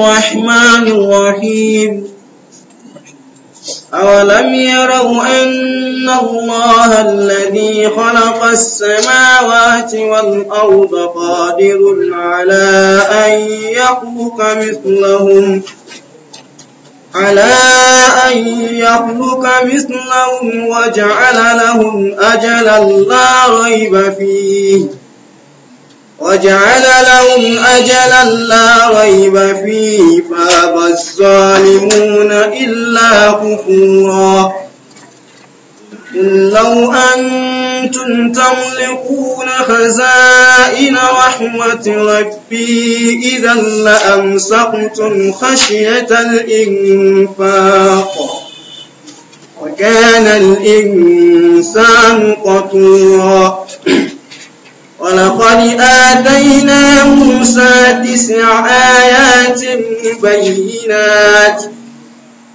الرحمن الرحيم أولم يروا أن الله الذي خلق السماوات والأرض قادر على أن يخلق مثلهم على أن يخلق مثلهم وجعل لهم أجلا لا ريب فيه وجعل لهم أجلا لا ريب فيه فابى الظالمون إلا كفورا لو أنتم تملكون خزائن رحمة ربي إذا لأمسقتم خشية الإنفاق وكان الإنسان قتورا ولقد آتينا موسى تسع آيات بينات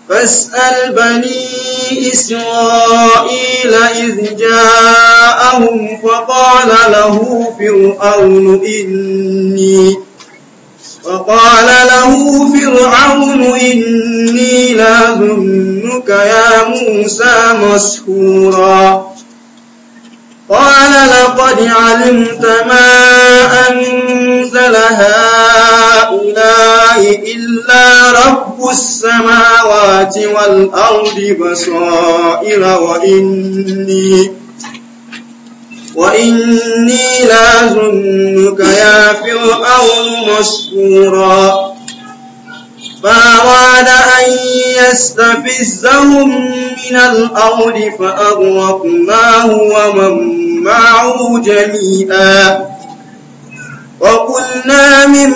فاسأل بني إسرائيل إذ جاءهم فقال له فرعون إني فقال له فرعون إني لأظنك يا موسى مسحورا قال لقد علمت ما أنزل هؤلاء إلا رب السماوات والأرض بصائر وإني وإني لازنك يا فرعون مشكورا فأراد أن يستفزهم من الأرض فأغرقناه ومن معه جميعا وقلنا من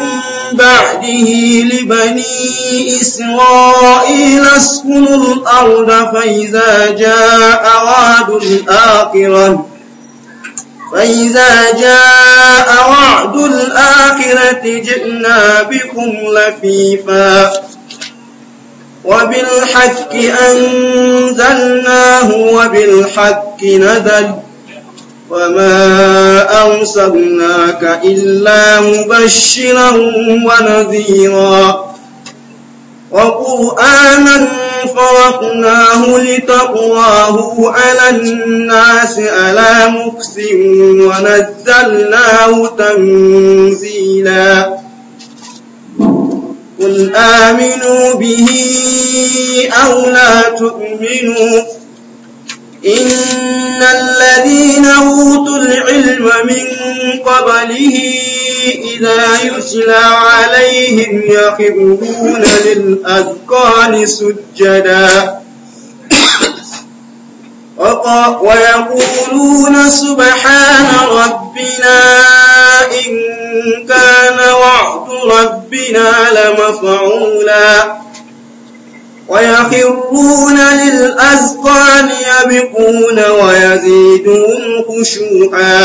بعده لبني إسرائيل اسكنوا الأرض فإذا جاء وعد الآخرة فإذا جاء وعد الآخرة جئنا بكم لفيفا وبالحق أنزلناه وبالحق نزل وما أرسلناك إلا مبشرا ونذيرا وقرآنا فرقناه لتقواه على الناس على مكس ونزلناه تنزيلا قل آمنوا به أو لا تؤمنوا إن الذين أوتوا العلم من قبله إذا يسلى عليهم يخبرون للأذقان سجداً ويقولون سبحان ربنا إن كان وعد ربنا لمفعولا ويخرون للأذقان يبقون ويزيدهم خشوعا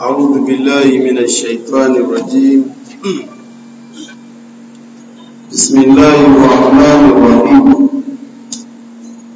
أعوذ بالله من الشيطان الرجيم بسم الله الرحمن الرحيم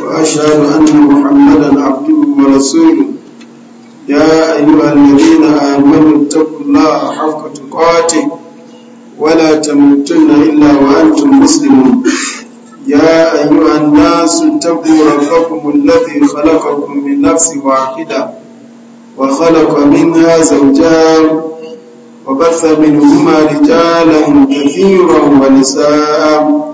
وأشهد أن محمدا عبده ورسوله يا أيها الذين آمنوا اتقوا الله حق تقاته ولا تموتن إلا وأنتم مسلمون يا أيها الناس اتقوا ربكم الذي خلقكم من نفس واحدة وخلق منها زوجان وبث منهما رجالا كثيرا ونساء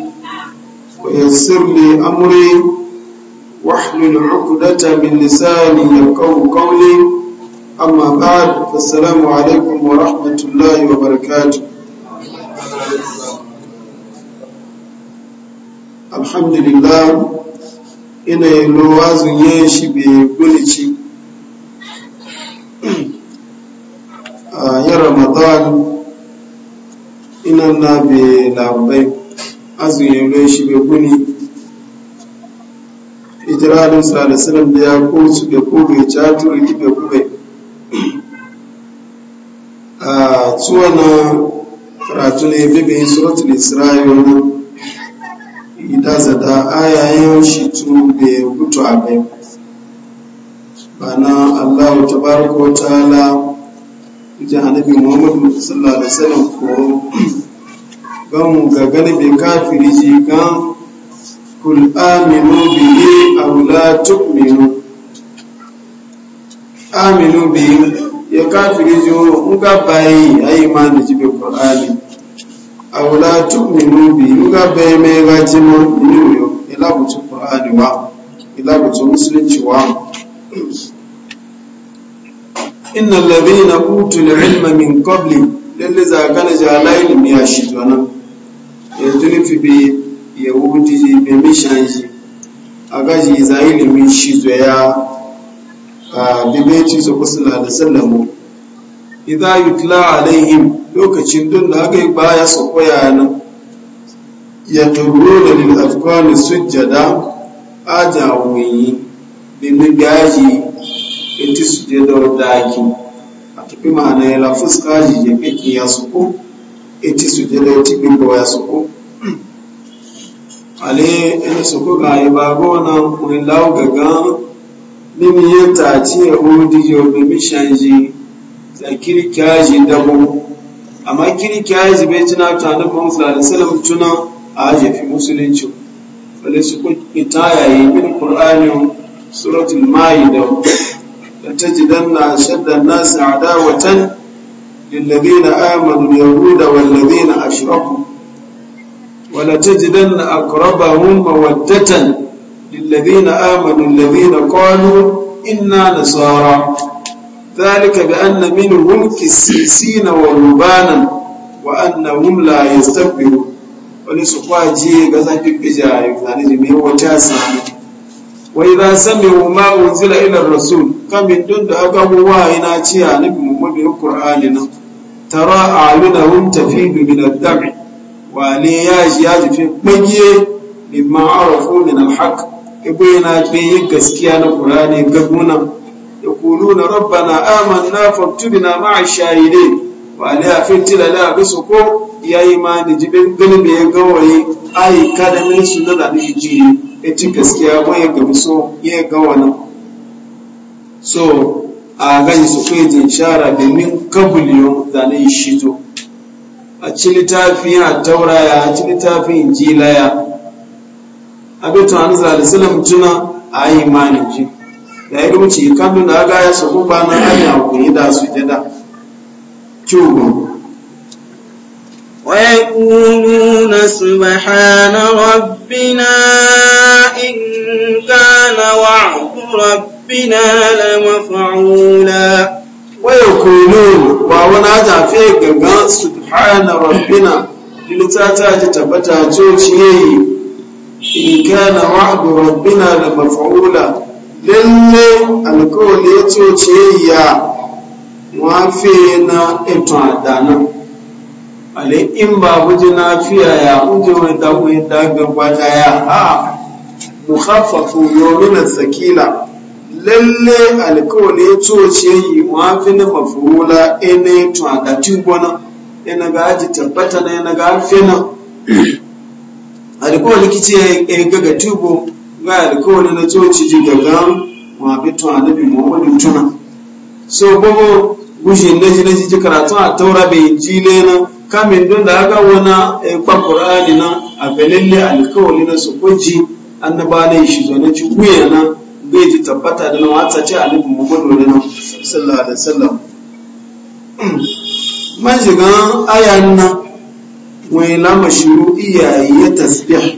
ويسر لي أمري واحلل عقدة من لساني يفقه قولي أما بعد فالسلام عليكم ورحمة الله وبركاته الحمد لله ina lo wazun yin shi bai gulici a yin ramadan ina azuye bai shi bai guni ijirarin salisirin da ya ko su bai ko bai catu bai kube a tsuwa na karatu ne bebe yi suratul isra'il na ita zata ayayen shi tu bai gutu a bai bana Allah tabaraka wa ta'ala ji annabi muhammadu sallallahu alaihi wasallam ko gan gagana bai kafiri shi gan kul aminu bihi aw minu aminu bihi ya kafiri jo nga bayi ayi ma da jibe qur'ani aw la tu'minu bihi nga bayi me ga jima ni yo ila buci wa ila musulunci wa inna alladhina utul ilma min qabli lalle zakana jalai ilmi ya yanzu fi be yahudi shi A gaji, za ilimin shi zoya a bibeci su na da sallamu idza yutla alaihim lokacin don da aka yi baya su koya nan ya turo da lil afkan sujjada aja wuyi bimin gaji ita su je da wadda a tafi ma'ana ya lafuska ji ya kake ya su ko eti sujada eti bimbo ya soko ale ina soko ga ibago na kuilau gaga mimi yeta ci ya udi yo mimi shanji da kirkaji dabo amma kirkaji bai tuna ta da Muhammad sallallahu alaihi wasallam tuna a jefi musulunci wale su kitaya yi min qur'ani suratul maida la tajidanna ashadda an-nas adawatan للذين آمنوا اليهود والذين أشركوا ولتجدن أقربهم مودة للذين آمنوا الذين قالوا إنا نصارى ذلك بأن منهم كسيسين ورهبانا وأنهم لا يستكبرون wani su kwaji ga zafin bija ya zane da wata sami wa sami sami'u ma unzila ila rasul kamin don da aka mu wa ina ciya nabi muhammadu ƙur'ani nan tara a'yunahum tafidu min ad-dam'i wa ne ya ji ya jife bagiye mimma arafu min al-haq ibo yana gaskiya na qur'ani gabuna na rabbana amanna na, ma'a shahidin wa ne a fitila abu su ko ya yi ma da jibin galibi ya gawaye ayi kada min na da ni ji ya ci gaskiya ko ya gamsu ya gawana so a gani su kai jin shara domin kabuliyo da na shito a ci littafin a tauraya a ci littafin jilaya a bi tunanin zalisalam tuna a yi ji da ya ce da aga ya sabu ba na aya hukuni da su jada kyugun ويقولون سبحان ربنا كان وعد ربنا لمفعولا ويقولون وانا تافي غغا سبحان ربنا لتاتا تتبتا توشي إن كان وعد ربنا لمفعولا lalle alkawali ya ya ale in ba na fiya ya hujji wani daga ya ha mukhaffafu yawlunan sakila lalle alkawali ya coci yi wafi na mafurula ene to a gatin gona ina ga aji tabbata na ina ga harfe na alkawali kice ya ga ga tubo ga alkawali na coci ji gaga wafi to annabi muhammadu tuna so gogo gushin na ji na ji karatu a taura bai ji ne na kamin don da aka wani kwa qur'ani na a ga lalle alkawali na su kwaji annaba ne shi zo na ci kuya na bai ji tabbata da nan wata ce mu gudu da nan sallallahu alaihi wasallam man shiga ayan nan wai na mashiru iyaye tasbih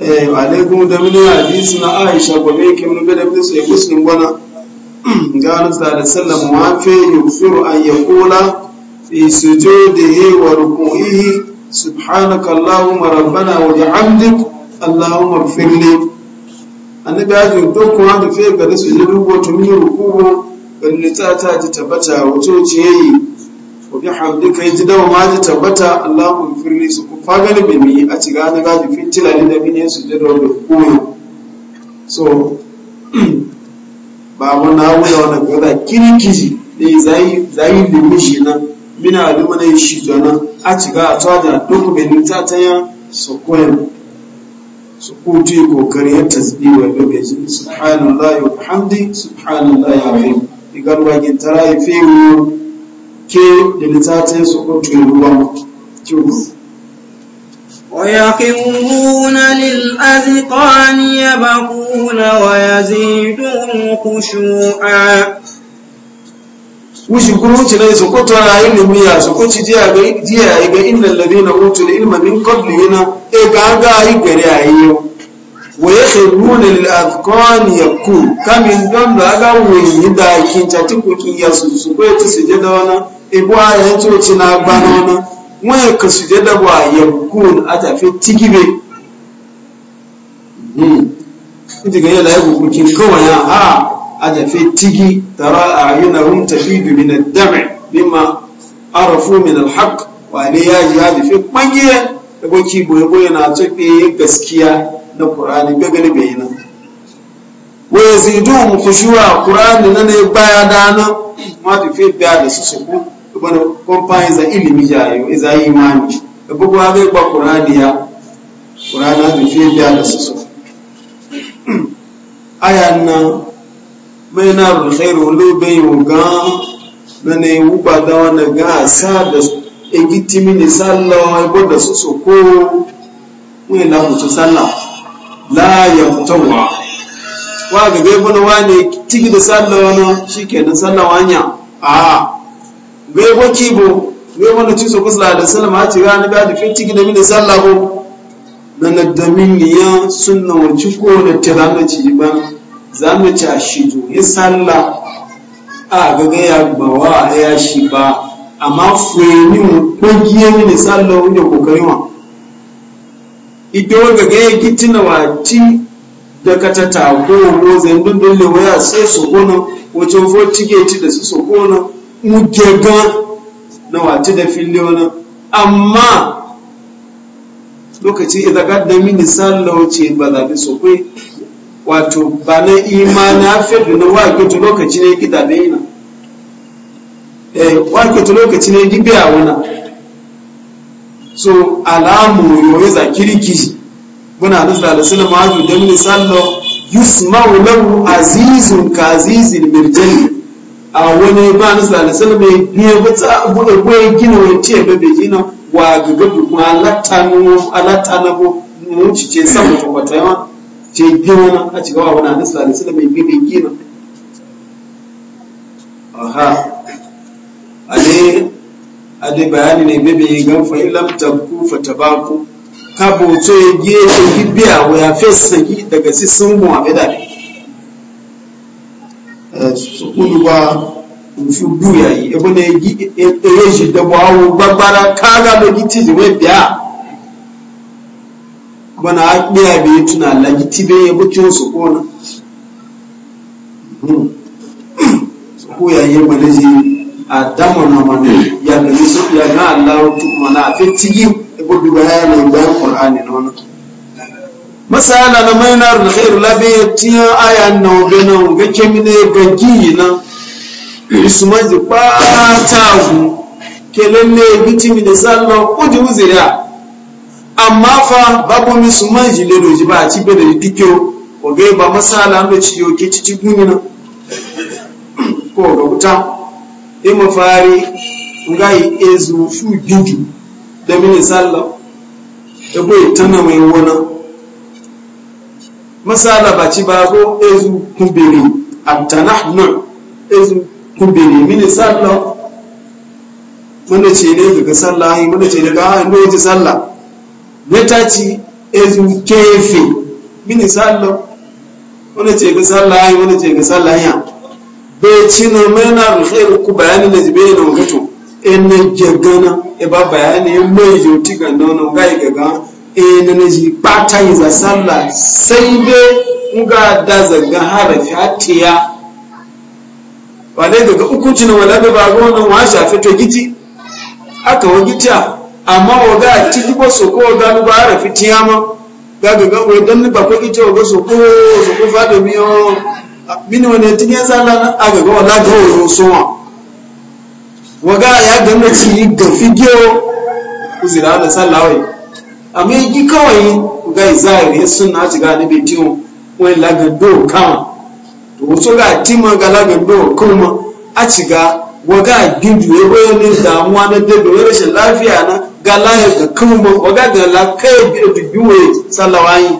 eh alaikum da min hadisi na aisha gobe ke mun ga da bisu ya muslim gona ga annabi sallallahu alaihi wasallam wa fa yusiru an yaqula fi sujudihi wa ruku'ihi subhanaka allahumma rabbana wa bihamdika allahumma firli annabi ya jin to kuma da fe ga su yi rubutu mi rukubu in ta ta ji tabbata wato ci yayi wa bi ji dawo ma ji tabbata allahumma firli su ku fagali be mi a ci gani ga ji fitila ne da su da dawo so ba mu na wuya wannan gaza kirkiji ne zai zai limishi nan mina lumana shi jana a ci ga a tsaja duk be ta ta ya sokoyan su kuti kokari ya tasbiwa da gaji subhanallahi wa hamdi subhanallahi azim igar bagin tarai fiwu ke da litata su kuti ruwa kiwo ويقرون للأذقان يبقون ويزيدهم خشوعا wushin kurunci na yasa kuta na yin da miya su kunci jiya ya yi ga inda lalle na hutu da ilmi min kodli yana kamin don da aga coci na gbana wani wani ka ajafe tigi tara ayunahum tafidu min ad-dam' bima arafu min al-haq wa ne ya ji ajafe kwangiye da boki boye boye na tsoke gaskiya na qur'ani ga gani bayina wa yazidum khushu'a qur'ani na ne baya dana ma da fi da su su ku bana kwamfani za ilimi jayo iza imani da bugu ha zai ba qur'ani ya qur'ani da fi da su su aya nan mai na alkhairu lobe yau gan na ne wuba da wani ga sa da egiti mini sallah ibo da su so ko mai na mutu sallah la ya mutawa wa ga gai bana wani tigi da sallo wani shi ke da sallah wanya a gai ki bo gai wani ci so kusa da sallah ma ci na ga da fi tigi da mini sallah bo na nadamin ya sunna wa ciko da tiranci ci ba za mu ca shi domin sallah a gaga ya gbawa a ya shi ba amma fuyeni mu kwagiye mini sallah wunde kokari ma ido gaga ya gitina wa ti da kata ta ko ko ndun dole waya sai su gona wato fo tiketi da su su gona mu gega na wati da fili wani amma lokaci idan gaddami ni sallah ce ba zaɓi su kai wato ba na imani hafidu na wakilta lokaci ne gida da yana wakilta lokaci ne gibiya wuna so alamu yoyi za kirki muna nufa da sulama hajji don misallo yusmau lahu azizun ka azizin mirjani a wani ba nufa da sulama ya buɗe gina wani ce bebe gina wa gagabu kuma alatta na bu mu cike samun ta yawa ce girma a ci wa wani hadisi da su da mai gina gina aha ale ale bayani ne bebe yi gan fa ilam tabku fa tabaku ka boto ya ge ya yi biya wa ya fesa gi daga si sun mu a bida ne su kudu ba nfi buya yi ebe na ya gi ere da bawo gbagbara kaga da giti da wai biya bana akpiya bi tuna lagi tibe ya bukin su na hmm. su ko ya yi malaji a dama na mana ya gani su ya ga Allah tu mana a fi tigi ko duba ya ne ga Qur'ani na wannan masala na mainar da khairu labe tiya aya na obena ga kemine gangi na ismaji ba ta gu kelele bitimi da sallah ko ji uzira amma fa babu musulman ji jile doji ba a ci bada da dikyo ko ga ba masala da ci yo ke titi na ko ga wuta in e mafari ngai ezu fu giju da mini salla da bai tana mai wona masala ba ci ba ko ezu kumbere abtanahnu ezu kumbere mini salla wanda ce ne daga sallah wanda ce daga ya ah, ce sallah ezu kefe mini sallo wani ce ga sallah yi wani ce ga sallah ya bai ci na mena alkhairu ku bayani na jibe na gato en na jagana e ba bayani en mai yoti ga nono ga yi ga e na na ji bata yi za sallah sai dai ga da zaga harafi hatiya ba dai daga uku ci na wala ba ga wannan wa shafi to giti aka wa giti a amma waga cikin ba so ko ga ba ara fitiya ma ga ga ga dan ba ko ita waga so ko so ko fado mi o mini wani tin ya sala na aga ga wala ga o so wa waga ya ga na ci ga fidiyo uzira da sallawai amma yi kawai ga zahiri sunna ci ga ni bitiyo wani laga do kama to wasu ga tima ga laga do kuma a ci ga waga gindu ya bayyana damuwa na dabe rashin lafiya na gala ya ga kan ba waga gala kai bi da biwe sallawayi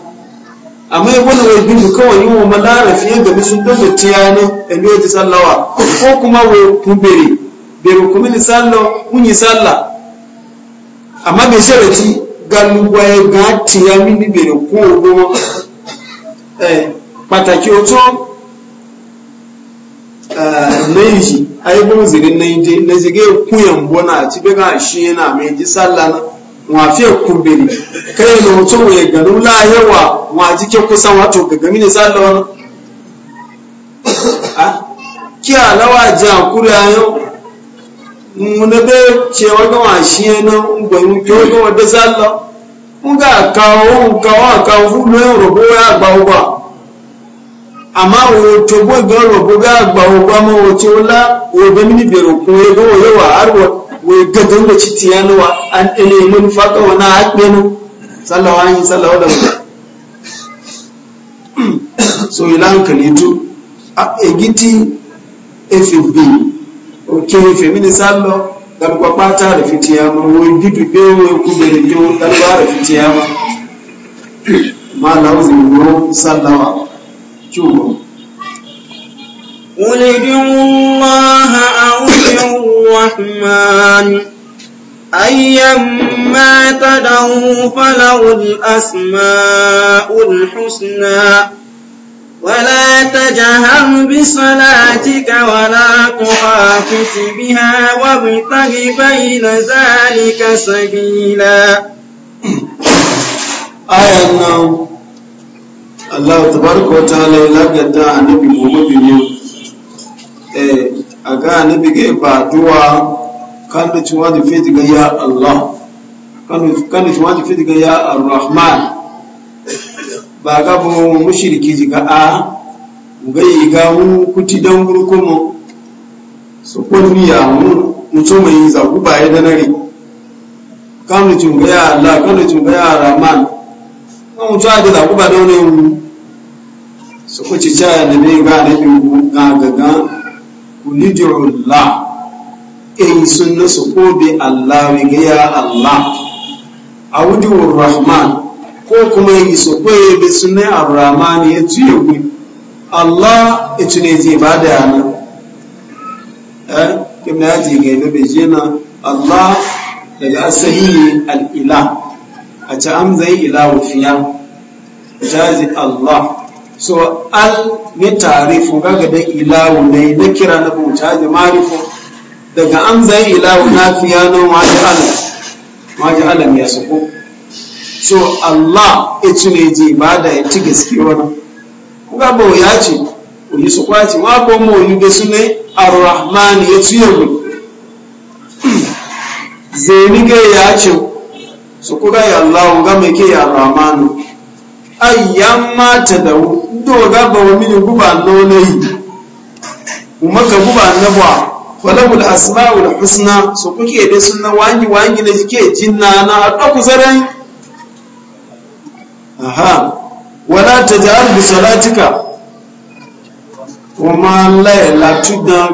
amma ya wani wai bin kawai yi wa malara fiye ga bisun da da tiyana da biwe ta sallawa ko kuma wai kumbere bere kuma ni sallo mun yi sallah amma bai sharati galugwa ya ga tiyami ni bere ko goma eh pataki o nan shi ai bon zirin nan je na jige kuyan bona ci be ga shi yana mai ji sallah na wa fi kumbiri kai no mutum ya garu la yawa wa jike kusan wato ga gami ne sallah a ki alawa ji akuri mu ne be wa ga wa shi yana ngwayin ki ga wa da sallah mu ga kawo kawo kawo fu no robo ya ba àmọ́ àwọn òtògbó ìgbọ́nrò gbogbo àgbà ogun ọmọ wọn tí ó mini òògùn mí níbi èròkùn egbò wòye wà áwọ̀ wò gẹ́gẹ́ ń an ti ẹnu wa ẹni ìmú ní so yi nkàlẹ̀ tó èyí tí efi bì òkè efi mí ní sálọ dàbípa pátá rẹ̀ fi ti ẹmọ wo ibi pípé wo ekú bẹ̀rẹ̀ tó dàbípa rẹ̀ fi ti ẹmọ chuo. Qul billahi a'udhu birrahmani ayyamma tad'u falahul asma'ul husna ولا تجهم بصلاتك ولا تخافت بها وابتغ بين ذلك سبيلا آية النوم Allah tabaraka wa ta'ala ya lagata annabi Muhammad ne eh, a ga annabi ga ba duwa kan da cewa da fiti ga ya Allah kan kan da cewa da fiti ga ya Ar-Rahman ba ga bu mushriki ga a ga yi ga mu kuti dan gurko mu su kunniya mu mutum mai zagu ba ya danare kan da cewa ya Allah kan da cewa ya Rahman kan mutum da zagu ba da wani so ko ci caya da bai ga da biyu ga gaga kulidul la e sunna su ko bi allah wi ga ya allah awudur rahman ko kuma yi su ko yi bi sunna ar-rahman ya tuye ku allah ya tune zai ba da yana eh kimna ya ji ga bai jina allah daga asali al a ta amzai ilahu fiya jazi allah so al ya tarifu gaga da ilawu ne na kira na bauta da marifu daga an zai ilawu na fiya na waje alam waje alam ya suko so allah ya ci ne ji ibada ya ci gaske wani kuka ba ya ce oyi su kwaci wa ko mu oyi da su ne ar-rahman ya ci yabu zai ni ga ya ce su kuka ya allah ga mai ke ya rahmanu ayyamma ta da do ga ba wa mini guba lolayi umaka guba na ba walahul asma'ul husna so kuke da sunna wangi wangi na kike jinna na adda ku zaran aha wala tajal bi salatika kuma lai latuda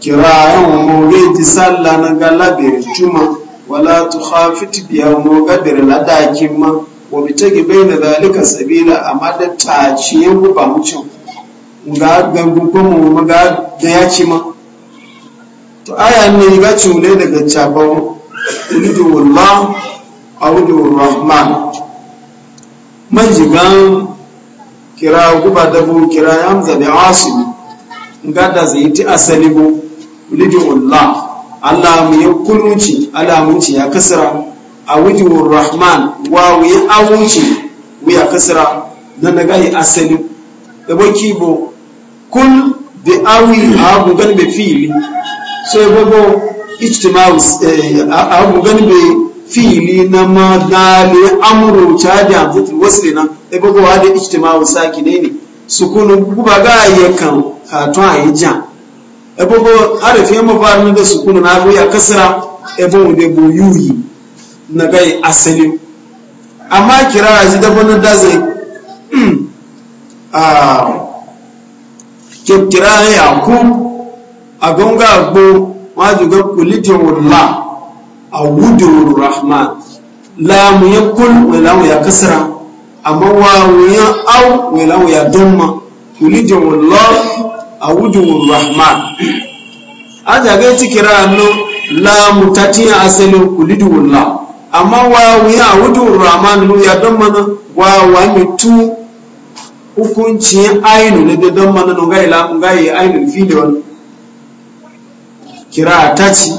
kira'in mawuri ti salla na galabir juma wala khafit biya mawgadar ladakin ma wa bi ta gibe na zalika sabila amma da tace ku ba mucin ga gangugun mu ga da ya ci ma to aya ne ga cule daga cabon ulidu wallah audu rahman man jigan kira guba dabu kira yamza da asim ga da zai ti asali bu ulidu wallah Allah mu yi kulunci ci ya kasara a wujewar rahman wawu ya awuce wuya kasra na nagayi asali baki bo kun bi awi abu gan be fili so ya bo ijtimaus abu gan be fili na ma madali amuru chaji amzatul wasli na ebo bo da ijtimaus saki ne sukunu guba ga yakan katon ayijan ebo bo harafin mafarin da sukunu na abu ya kasra ebo de bo yuyi na gai asali amma kira a ji dabanin da zai hmm, a kira ya ku a gonga agbo ma juga kulitin la a wudin rahman lamu ya kun wai lamu ya kasara amma mu ya au wai lamu ya dumma kulitin wula a wudin rahman a jagai ci kira la lamu tatiya asalin kulitin la amma wawu ya wudu rahman ya don mana wawa tu hukuncin ainu na don mana nun gayi lamun gayi ainu fili wani kira ta ci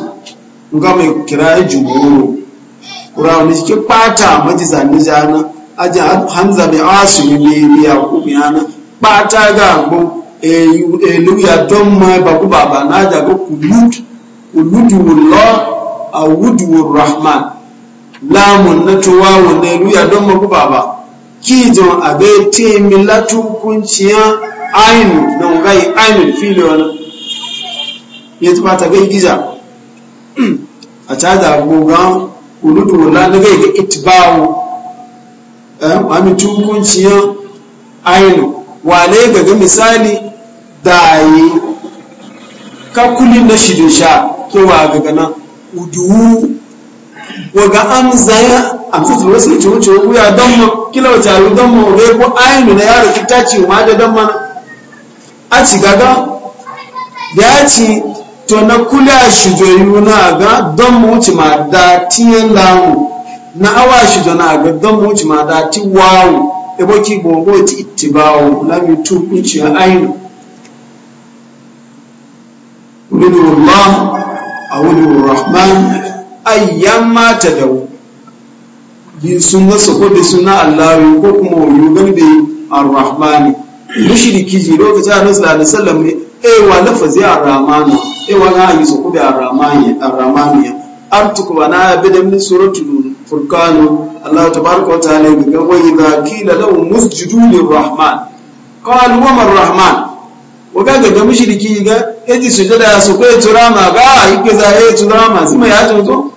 nga mai kira jumuru kura wani ke pata maji zane jana aji hanza mai asu ne ne ya kuma yana pata ga e elu ya don ma baku baba na jaga kulut kuludu wullah a wudu rahman lamun na tuwa na luya don maguba ba kijin abe te milatu kunciya ainu na ngai ainu filo wani ya tuba ta gai giza a cada gogan uludu wula na gai ga itibawo eh, amitu kunciya ainu wale ga misali da yi kakuli na shidin sha kewa gaga na uduwu waga amzaya amsatul wasl ci wuce wuya damma kila wace ayu damma wai ko ayinu na yaro kita ci ma da damma na a ci gaga da ya ci to na kula shi joyu na ga damma wuce ma da tiyan lawo na awa shi jo na ga damma wuce ma da ti wawo ebo ki gogo ti ittibawo la mi tu kunci ayinu uridu Allah awudu Rahman ayyamma ta dawo sun wasu ko da suna Allah ko kuma wani gani da ar-rahmani mushriki ji lokacin annabi sallallahu alaihi wasallam eh, wa lafazi eh wa na yi su ko da ar-rahmani an tukuba na bi da min suratul furqan allah tabaaraka wa ta'ala ya ga wa idha qila lahu lir rahman. qalu wa man rahman wa ga ga mushriki ga yaji eh, sujada su ko turama ga yake za ya eh, turama zuma ya zo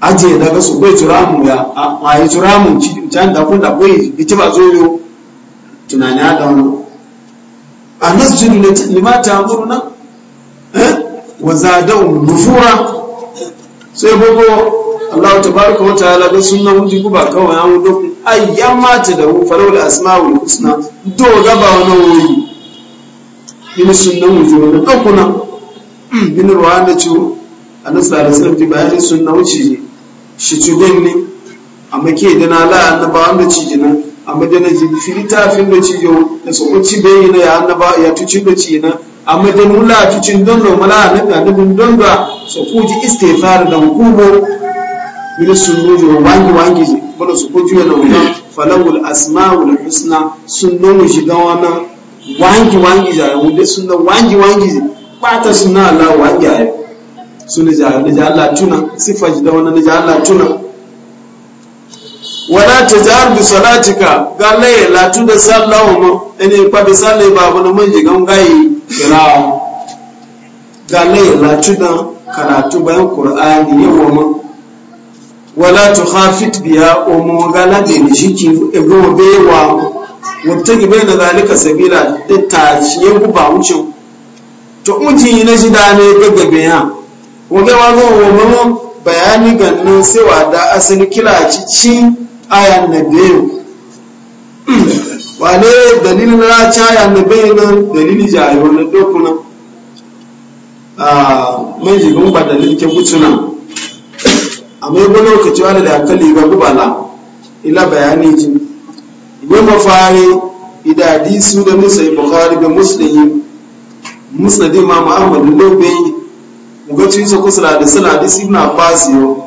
aje daga su bai turamu ya a yi turamu can da kun da bai ita ba zo yo tunani a dauna a nasjudu limata nan eh, wa zadau nufura sai gogo Allah tabaraka wa ta'ala da sunna wuji guba kawai an wudo ayyama ta da hu falau da asma'ul husna do gaba wani wuri min sunnan wuji wani kakuna min hmm, ruwa da ciwo a nasarar sarfi bayanin sunna wuce ne shi cibin ne amma ke na la annaba wanda ci jina amma dana na filita fin da ci yau da sokon cibin ne ya annaba ya tuci da ci na amma da mula cin don da mala na da nabin don da ji istighfar da hukumo min sunnuji wa wangi wangi su ku ji wa wannan falawul asmaul husna sunnonu shi ga wannan wangi wangi da yau da sunna wangi wangi ji bata sunna Allah wangi ayi su na ja'ala tuna sifa da wannan na ja'ala tuna wala ta ja'al bi salatika galle la tu da sallahu mu ene pa bi salle babu na mun jigan gayi kira galle la tu da karatu bayan qur'ani yawa mu wala tu khafit biya umu galade ni shiki ego bewa gibe bayna zalika sabila ta shi ya ba wucin to mun ji na shi da ne gaggabe ha wage wani wani bayani ganin sewa da asali kila cikin ayan na biyu wane dalilin na ci ayan na biyu nan dalili jayo na dokunan a mai ba dalilin ke kutunan amma yi wani lokaci wani da aka ba gubala ila bayani ji yi mafari idadi su da musa yi bukari ga musulmi musulmi ma muhammadu lobe ugoci su kusa da hadisi na hadisi ibn fasi yo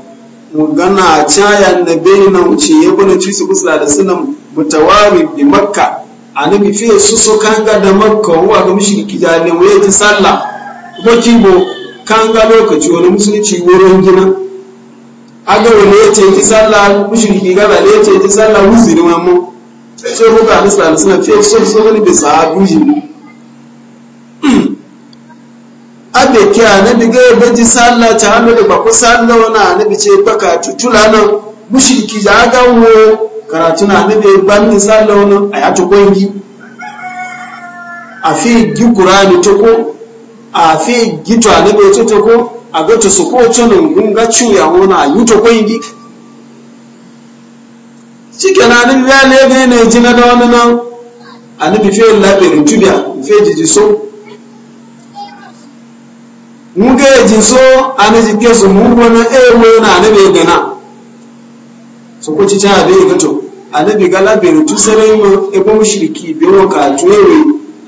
gana caya na bai na wuce ya bane ci su kusa da hadisi na mutawari bi makka annabi fi su so kanga da makka wa ga mushriki da ne waye ta sallah ko kibo kanga lokaci wani musulunci wurin gina ga wani ya ce ji sallah mushriki ga da ya ce ji sallah wuzuri mamu sai ko ka hadisi na hadisi na fi so so ne bi sahabi da ke annabi ga ya baji sallah ta hannu da baku sallah wani annabi ce baka tutula nan mushirki ya ga wo karatu na annabi ya bani sallah wani a ya ta kwangi a fi gi kurani ta ko a fi gi to annabi ya ta ko a ga ta su ko tunan gunga cuya wani a yi ta kwangi ke na annabi ya lebe ne jina da wani nan annabi fiye labe rutubiya fiye jijiso muge ji so anaji kesu mu wani ewe na anabi gana so ko cica abe ga to anabi ga labirin tu sarai mu ebo mushriki be wo e ka tuwe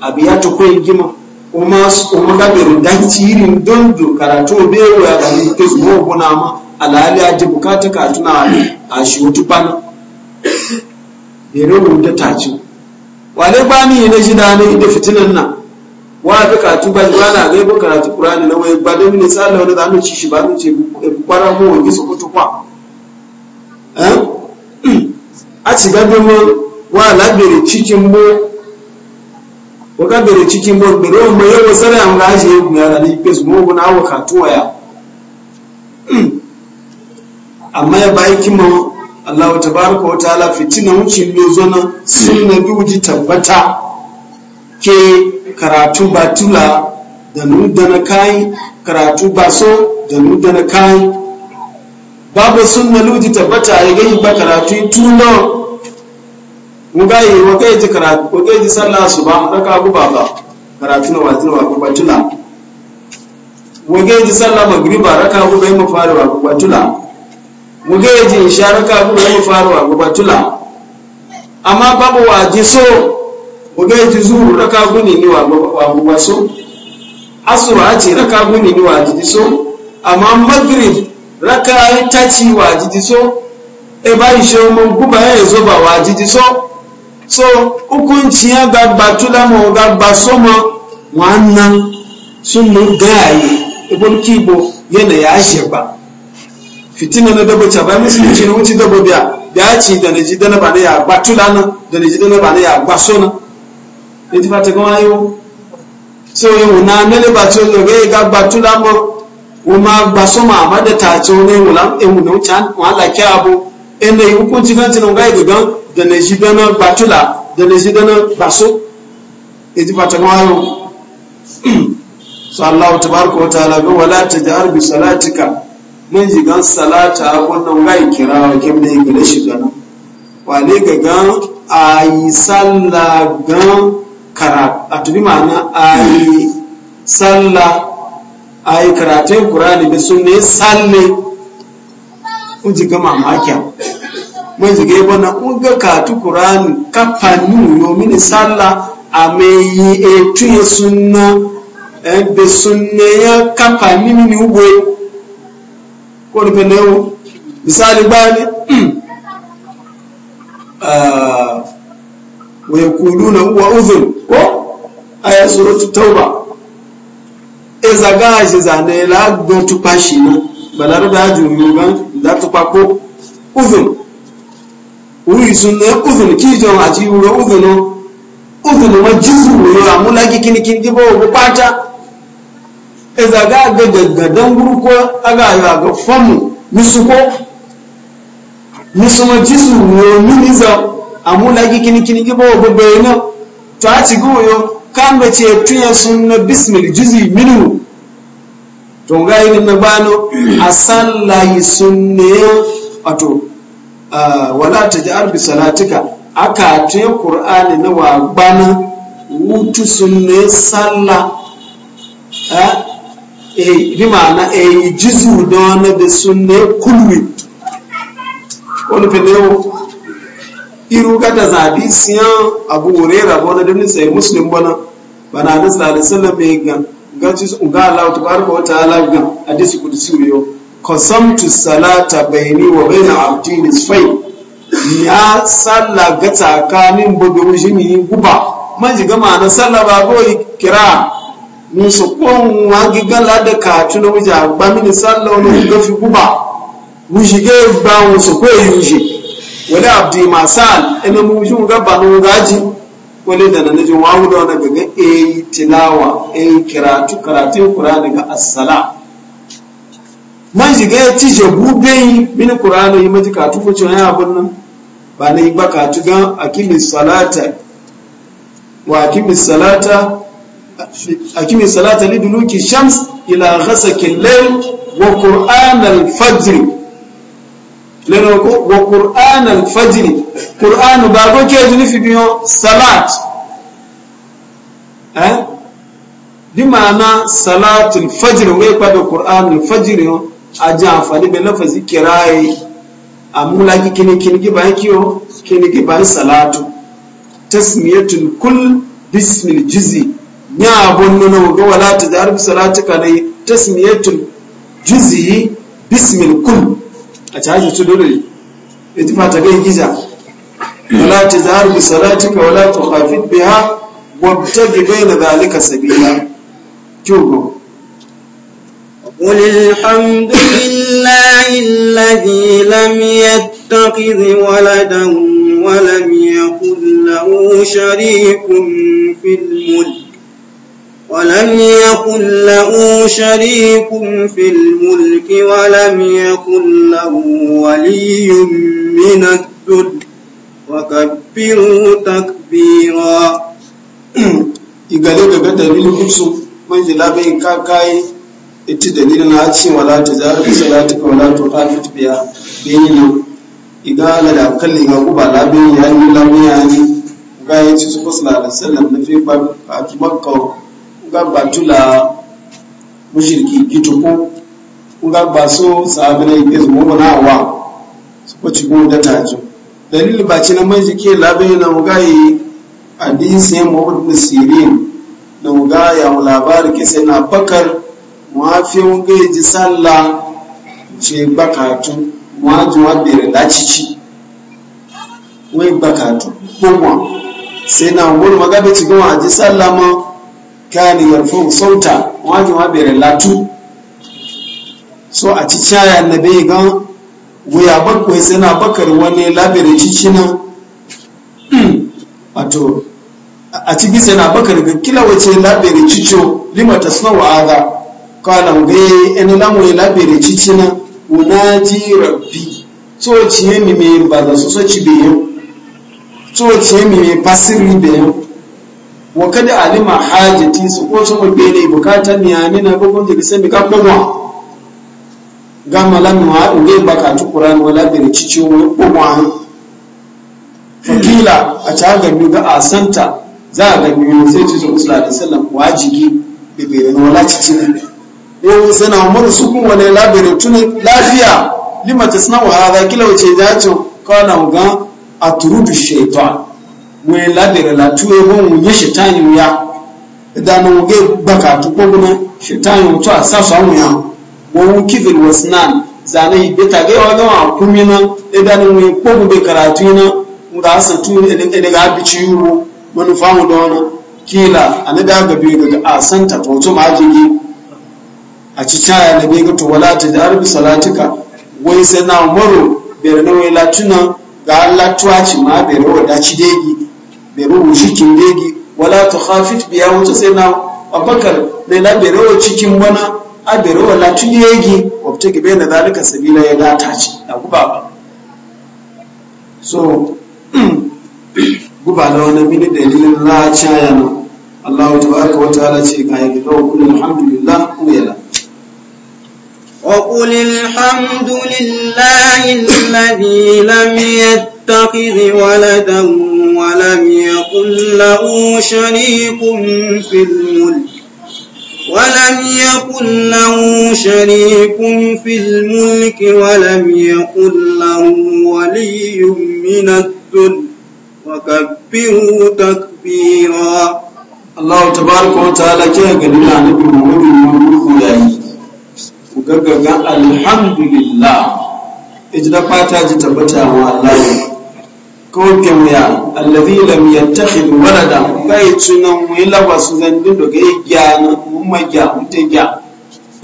abi ya to ko igima kuma kuma ga birin dan cirin dondo karatu be wo ya ga ni kesu mu bona ma alali aji bukata ka tuna a shi wutu bana bere mu ta taci wale bani ne shi da ne da fitinan nan wa fi katu ba ba na ga bu karatu qur'ani na wai ba da ni tsala wani zamu ci shi ba mu ce ku kwara mu wani su kutu kwa eh a ci ga da mu wa labere cikin mu wa ka bere cikin mu bere mu yau sare an ga shi ku na ni pes mu na wa katu waya amma ya bai kimo Allah tabaraka wa ta'ala fitina wucin ne zona sunna bi wuji tabbata ke karatu ba tula da nuda na kai karatu ba so da nuda na kai babu sunna ludi tabbata ya gani ba karatu tuno mugaye wakai ji karatu wakai ji sallah su ba raka abu ba ba karatu na wazin wa ba tula wakai ji sallah magriba raka abu bai mu fara wa ba tula wakai ji isha raka abu bai mu fara wa ba tula amma babu waji so oge ji zuru raka guni wa abubuwa so asuba ce raka guni ni wa jiji so amma magrib raka ta ci wa jiji so e ba ishe mun guba ya zo wa jiji so so hukunci ya gagba tula ma gagba so ma wannan sun mu gaye ibon kibo yana ya ashe ba fitina na dabo ca ba musulunci na wuce dabo biya biya ci da na ji dana ba na ya gba tula da na ji dana ba na ya gba so na eti ba tẹ̀kọ́ wáyé o so wò náà nílẹ̀ bá tí o lò rí ìgbà gba tó lámọ́ wọ́n máa gba sọ́mọ́ àbádẹ́ta àti orin ìwò ìwò náà tí wọ́n á kí abo ẹnì ìwúkú tí fẹ́ tinú gáyé gbẹ̀gán dẹ̀nẹ̀ yìí dáná gba tó là dẹ̀nẹ̀ yìí dáná gba só eti ba tẹ̀kọ́ wáyé o so aláwọ̀ tabaraka wa ta'ala bí wàlá tẹ̀jẹ̀ arbi salatika mun jigan salata wannan gáyé kira wa kí wọ́n ní dáná gàgán àyíṣàlá gan a tuni ma'ana a yi sallah a yi karatun kurani da sun ne salle un ji ga mamakiya mun ji ga yabo na un ga katu kurani kafa nu yo mini sallah a mai yi e tuye sunna da eh, sunne ya kafa mini ugwe ko ni fene misali bani eh, wa yaquluna huwa udhun ko aya suratu tauba eza gaje zane la go tupashina balaro da jumuga da tupako udhun uyi sunne udhun kijo ati uro udhuno udhun ma jizu yo amula kikini kingi bo kupata eza ga ga gaggadan burko aga ya ga famu misuko misuma jizu yo miniza amulagi kini kini gibo gobe na to a ci goyo kan da ce tuya sun na bismil juzi minu to ga yi na bano a sallayi sun wato wala ta ji arbi salatika aka tuya qur'ani na wa gbana wutu sun salla eh rima na eh jizu don na da sun ne kulwi wani fi ne iru ga da zabi siyan abu hurairah bona da nisa muslim bona bana da sallallahu alaihi wasallam ga su ga Allah tabaraka wa ta'ala ga hadisi kudusi yo qasamtu salata baini wa baina abdi nisfai ya sallah ga tsakanin bugu shini guba manji gama na sallah ba go kira ni su kon wa gigala da ka tuna wuja ba min sallah ne ga fi guba wuji ga ba su ko wani abdi masal ina mujin gaba nun gaji wani da nan jin wawu da wani gaga e tilawa e karatu karatu qur'ani ga assala man shiga ya ci jabu bai min qur'ani yi maji katu ko cin ya nan ba ne ba katu ga akimi salata wa akimi salata akimi salata liduluki shams ila ghasaki al-layl wa qur'an al-fajr lẹ́nu ọkọ̀ wọ kùránù fajiri kùránù ba gòkè ke jini fi hàn salat ẹ́ bí màánà salat fajiri wọ́n yẹ padà kùránù fajiri hàn ajá àǹfààní bẹ́ẹ̀ lọ́fẹ̀sì kẹrà ẹ̀ amúláyí kínníkínní kí báyìí kí o kínníkí báyìí salatu tasmiyatul kul bismil jizi ní àbọ̀ nínú ọgọ́ wàlá tẹ̀dá arúgbó salatu kan ní tasmiyatul jizi bismil kul. a caji tu dole ya tufa ta gai giza wala ta zahar bi salatika wala ta khafit biha وابتغ بين ذلك سبيلا جوجو قل الحمد لله الذي لم يتخذ ولدا ولم يكن له شريك في الملك ولم يكن له شريك في الملك ولم يكن له ولي من الذل وكبره تكبيرا igare ga da bil hibsu man ka kai ita dalilin na ci wala ta zaru salatu wala to qafit biya bayin igala da kalli ga kuma, labin ya ni labin ya ni ga ci su da da fi ba gbagba tula mùsùlùmí kituku ń gbàgbà só sàbẹ̀rẹ̀ ìgbésù wana náà wà kwaci goma da tajo dalilin ba ci na mai jike labin na mugaye hadisi ya muhammadu bin sirin na mugaya wa sai na bakar mafi mugaye ji sallah da cici kuma sai na a ji kani yarfu sauta waje wa bere latu so a ci caya na bai gan wuya bakwai suna bakar wani labirin cicina wato a ciki suna bakar ga kila wace labirin cico lima ta suna wa'aza kwanan gaye yan lamuyi labirin cicina wuna ji rabbi so ciye mi mai ba da su so ci biyu so ciye mi mai fasiri biyu wa kada alima hajati su ko su ko bene bukatar ni amina ko kun ji sai ka ga malam wa uge baka ci qur'an wala bi ci wo fakila a ta ga mu ga asanta za ga mi sai ci su sallallahu alaihi wasallam wajibi bi bi wala ci ne sana su kun wala lafiya lima kila wace kana shaytan wọn ládẹrẹ látú ebó nye yẹ ṣètáyìn ya ìdáná wọn gé gbàkà tó gbógbóná ṣètáyìn wọn tó àṣàṣọ àwọn yàn wọn wọn kí fèrè wọn sinan zane ìgbéta gé ọjọ́ wọn àkúmi náà ìdáná wọn kpógun bẹ karatu náà wọn dà sàn tú ẹnìkà abìtì yìí wọn manufa wọn dọ́nà kila anada gabe daga a santa to to ma jigi a cicaya da bai gato wala ta da arabi salatika wai sai na umaru bere na wai latuna ga Allah tuwaci ma bere wa daci degi bai wu cikin legi wala tu khafit biya wuce sai na abakar ne la bere cikin wana a bere wu latin legi wabta gibe na zalika sabila ya gata ce na guba ba so guba da wani mini dalilin la caya na Allah tabaraka wa ta'ala ce ga yi ga kullu alhamdulillah ku yala وقل الحمد لله الذي لم يتخذ ولدا ولم يكن له شريك في الملك ولم يكن له شريك في الملك ولم يكن له ولي من الذل وكبره تكبيرا الله تبارك وتعالى كي قد نبي محمد من gaggaga alhamdulillah ijda fata ji tabbata wa Allah ko kemiya allazi lam yattakhid walada bai tunan mu lawa su din da gai gyana umma gya mutai gya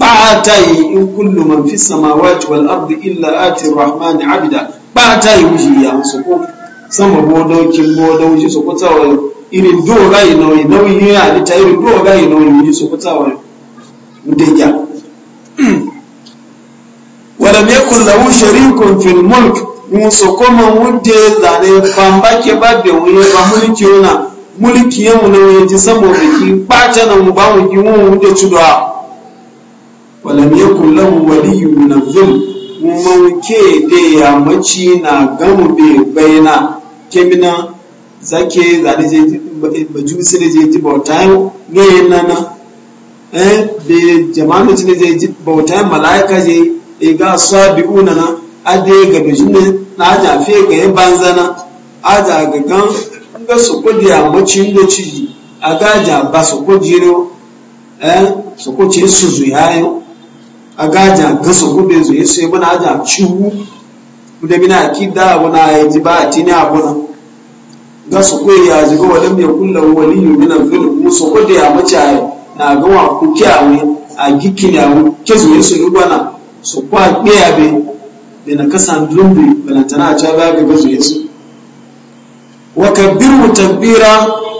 ta yi in kullu man fi samawati wal ardi illa ati rahman abida ta yi mushi ya musu ko sama bodo kin bodo shi su kuta wa irin do rai nauyi nauyi ya ta irin do rai nauyi shi su ko tsawa mutai gya ولم يكن له شريك في mulk muso ود wudde zane bambake babbe wuye ba mulki ona mulki na wuye ji saboda ki bata na mu ba ki mu wudde tudwa walam yakun lahu waliyyu min adh-dhulm mawuke ya na kemina zake zane je baju sai je ji bauta ne nana eh be jama'a ne je ji bauta malaika je iga sabi una na ade ga dojin ne na aja fe ga yan banzana aja ga gan ga kudi a macin da a gaja ba su kudi ne eh su a ga su kudi zuye sai bana aja ciwu da mina kida wana yaji ba tini ga su kudi ya jiga wadan ya kullu waliyu min na ga wa kuki a gikin ya ke zuye su su kwa ɓeya bai, da na kasa dumbi balantana a cewa ga gazo ya su wa kabbiru tabbira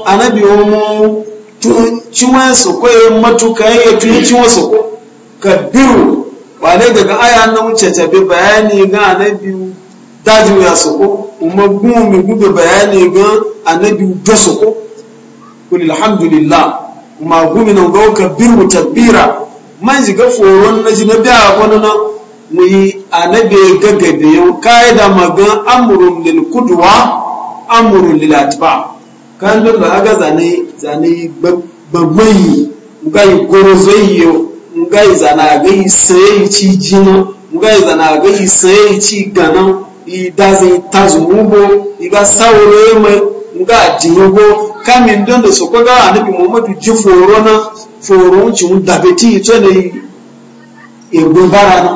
anabi mu ciwon su kwaye matuka ya tuni ciwon su Ba ne daga aya na wuce tabi bayani ga anabi dajin ya su ko kuma gumi gube bayani ga anabi ga su ko kulilhamdulillah kuma gumi na ga mu tabbira man shiga foron na shi na biya wani na mu yi ga gade yau da magan amurin lil kuduwa amurin lil atiba kan don da aga zane zane yi nga yi gorozai yau nga yi zana ga yi yi ci jina nga yi zana ga yi yi ci ganan yi dazin tazu mubo yi ga sauro mai nga jinyogo kamin don da su kwaga annabi muhammadu ji foro na foro wuce wun dabeti ito ne egun bara na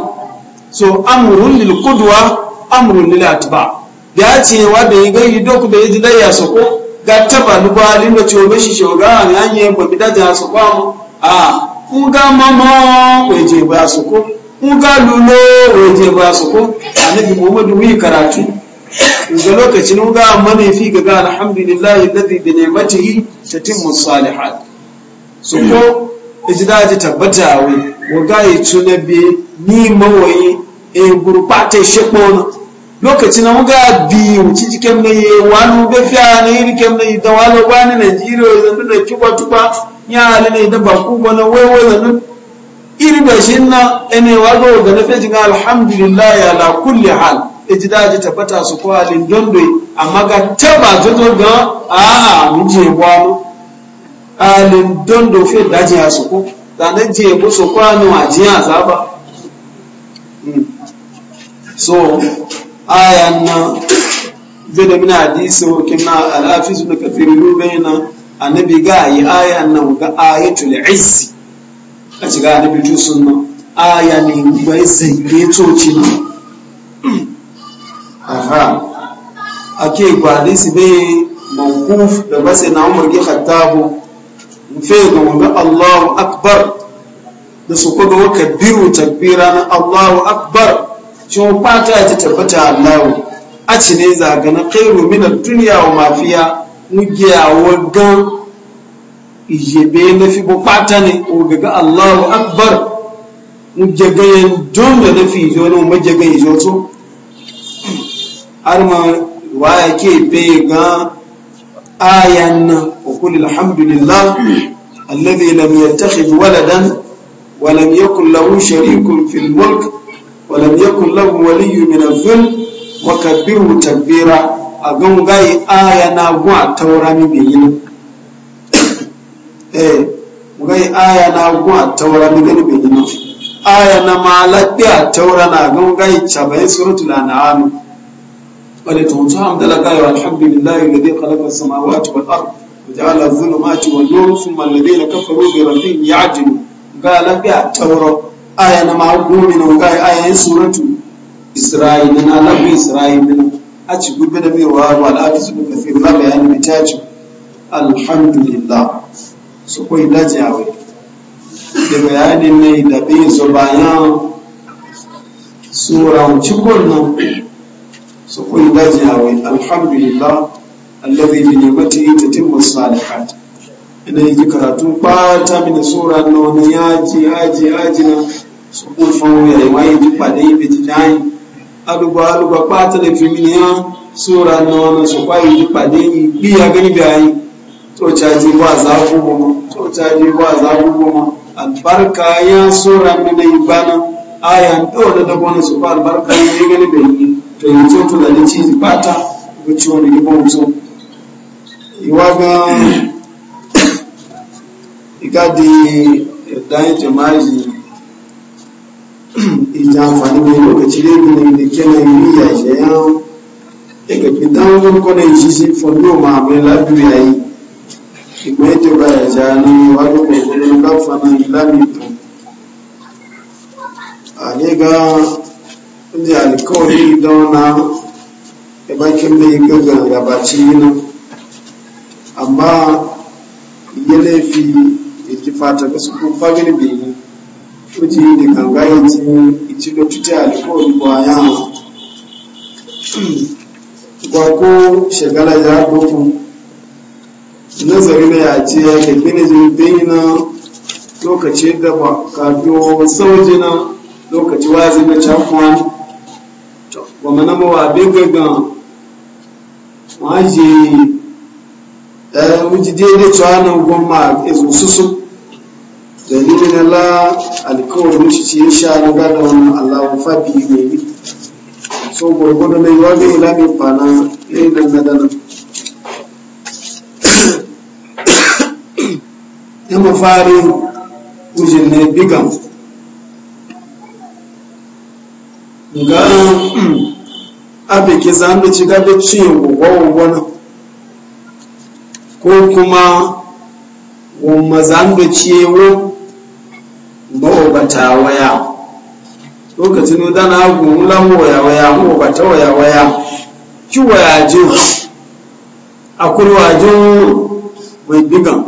so amurun lil kuduwa amurun lil atba da ya ce wa da yi gani dok da ya ji dai ya sako ga taba duba linda ce wa shi shoga ne an yi ba bi daja su kwa mu a kun ga mama waje ba su ko kun ga lulo waje ba su ko annabi muhammadu wi karatu ga lokacin ga manufi ga ga alhamdulillah alladhi bi ni'matihi tatimmu salihat so ko ijdaji tabbata wa waga yi tunabi ni mawayi e gurbata shekona lokacin ga biyu cikin kemne ye wanu ga fiya ne kemne da walo bani Najeriya zan da tuba tuba ya halin da ba ku bana wai zan irin da shi na ene wago ga nafi jin alhamdulillah ala kulli hal eti da tabbata su ko alin dondo amma ga taba zozo ga a a mu je gwano alin dondo fe da ji su ko da je ko su ko anu ajiya zaba hmm. so ayan na zai mina hadisi wa kina al'afis ibn kathir rubaina annabi ga yi ayan nan ga ayatul izzi a ci ga annabi tu sunna aya ne bai zai ne toci na hmm. ha ake gwani su bai mankuf da basi na umar ki khattabu fe ga wani Allahu akbar da su kudu waka biyu takbira na Allahu akbar shi wa fata ta tabbata Allahu a ci ne zaga na kairu mina duniya wa mafiya mugiya wa gan ijebe na fi bukata ne o gaga Allahu akbar mugiya gayen don da na fi zo ne mu magiya gayen zo arma waya ke be ga ayan nan wa qul alhamdulillah alladhi lam yattakhid waladan wa lam yakul lahu sharikun fil mulk wa lam yakul lahu waliyyun min al dhul wa kabbiru takbira agan gai aya na gwa taurami bayin eh gai aya na gwa taurami gani bayin aya na malaki a taurana agan gai chabai suratul an'am ولتنصح حمد لك والحمد لله الذي خلق السماوات والارض وجعل الظلمات والنور ثم الذين كفروا بربهم يعدلون قال بها التوراة آية نما قومنا وقال آية سورة إسرائيل لنا لم إسرائيل لنا أتشبه بنا بيوار والآفز بن كثير ما بيان بتاج الحمد لله سوكو لا جاوي بيان إني دبي بيان سورة وشكرنا سكون داجي هاوي الحمد لله الذي بنعمته تتم الصالحات ina yi ji karatu bata mini sura na wani yaji aji aji na su kun fawo ya yi waye ji fada yi bi jayi aluba aluba bata da fi mini ya sura na wani su kwaye ji fada yi biya gani biya yi to caji ba za ku goma to caji ba za ku goma albarka ya sura mini bana ayan dole da wani su ba albarka ya gani bai yi to yi to to zane ci bata wacce wani ibo mutu iwaga igadi dayan jama'i ita amfani mai lokaci ne gina da kena yi ya ce ya daga fitan zurko da yi shi fondo ma mai labi ya yi igbe ita ba ya ja ne wani kwakwakwakwa na gafa na labi to ga inda alkawari don na ya bakin da ya ya baci yinan amma ya laifi ya ji fata ga sukun fagil benin tuji da kangayen ti iti da tuti alkawari ba ya gwako shagala ya doku nazari na yace ya ke benijin benina lokaci da ba ka biyo saujina lokaci wazi na cakuwa wọ́n mẹ́nà mọ́ wà bí gangan wọ́n á yí wọ́n ti déédéé tó á náà ne máa èso ne dalilin la alkawarin shi ce sha na gada wannan allahu fabi ne so gwargwado na yiwa zai ila mai na ne yi nan gada nan ya mafari kujin ne bigan ga abeke za mu ci gabe cin gwagwagwa na ko kuma za mu ci wo ma'obata waya lokacin da na agun lan waya waya ma'obata waya waya ki waya jin akwai wajen mai bigan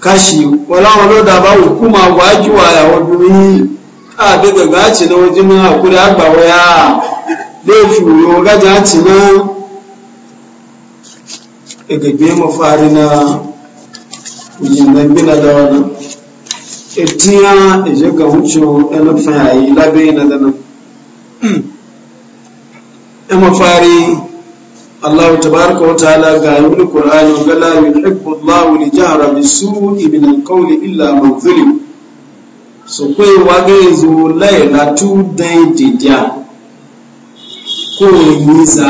kashi wala wani da ba hukuma gwaji waya wajen yi a daga gaci na wajen akuri agbawa ya laifin yau gaja ci na gaggabe mafari na yinan na da wani etiya ije ga wucin elefin yayi labe na da nan ya mafari allahu tabaraka wa ta'ala ga yi wani ƙur'ani ga la yuhibbu allahu li jahra bi su'i min al-qawli illa man zulim so kai ga yanzu la na tu dai didiya kowane nisa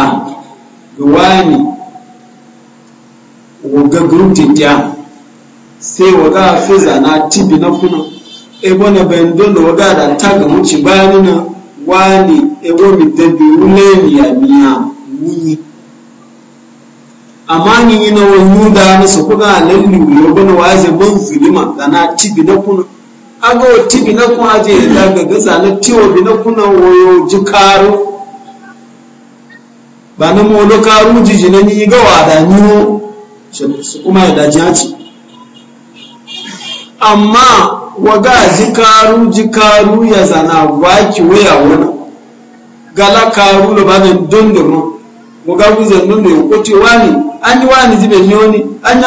ga wani waga gurutitya sai waga fiza na tibi na kuna ebo na da waga da taga muci bayani na wani ebo mi dabi ya miya wuni amma ni yi na wani da na su kuga lalli wuyo gana waje ban zulima da na tibi na kuna aga wa tibi na kuna aje ya daga gaza na bi na kuna wayo ji karo ba na molo karu jijina ni ga wada ho su kuma ya daji haci amma waga ji karu ji karu ya zana waki waya wani gala karu da banin dundunmu waga guzan dundu ya kwace wani an yi wani zibe ni wani an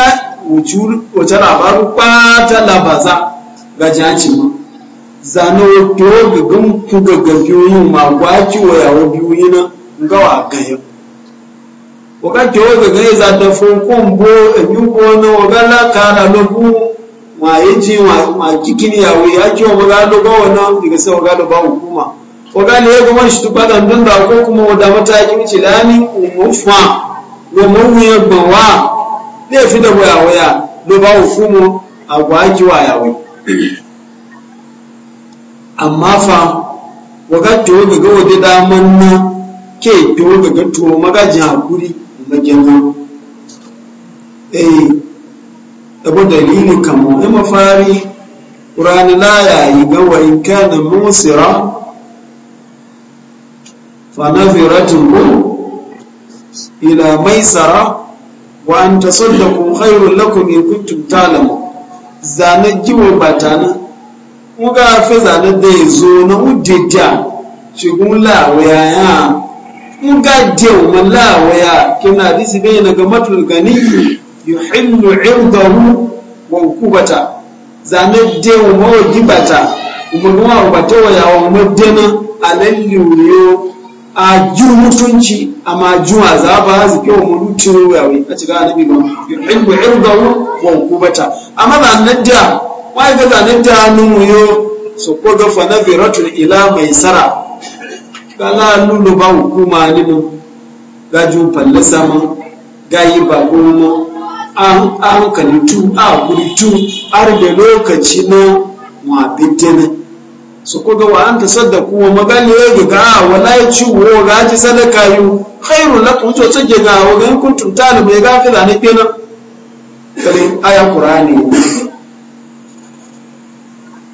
yi wace labaru kwata labaza ga jihanci ma zane wato gagan ku gaggafi yi ma waki waya wa biyu yi na gawa ganyen wakati woga gaiza tafunkumbo ebyukono wagalakala lobu mwaiji mwakikili yawe yacho wagalo bawona digase wagalo hukuma wagali yego mashitupada ndunda ko kuma wada mataji lani umufa no mawuye bawa ne fida boya waya no bawufumo agwaji wa yawe amma fa wakati woga gawo da manna ke to daga to magajin hakuri na kenan eh abu dalili kamo ya mafari ƙurani na yayi ga wa in kana musira fa nafiratun mu ila maisara wa an tasaddaku khairul lakum in kuntum ta'lamun zane jiwo batana muga fe zane da yazo na ujeja shigun lawo yaya in ga jew mallawa ya kina disi bai na ga matul gani yuhillu irdahu wa ukubata zane jew mo gibata umunwa wa batowa ya wa modena alalli yo a ju mutunci amma juwa za ba su wa mu mutu wawe a cikin annabi ba yuhillu irdahu wa ukubata amma zane da wai ga zane da numu yo so ko ga fa na ila mai sara kala lulu ba hukuma ninu ga ju palle sama ga yi ba kuma an hankali tu a guri tu har da lokaci na ma bidene su kuga wa an tasaddaku wa magali ya ga wala ya ci wo ga ji sadaka yu khairu lakum to tsage ga wa ga kuntum talib ya gafila ne kenan kare aya qur'ani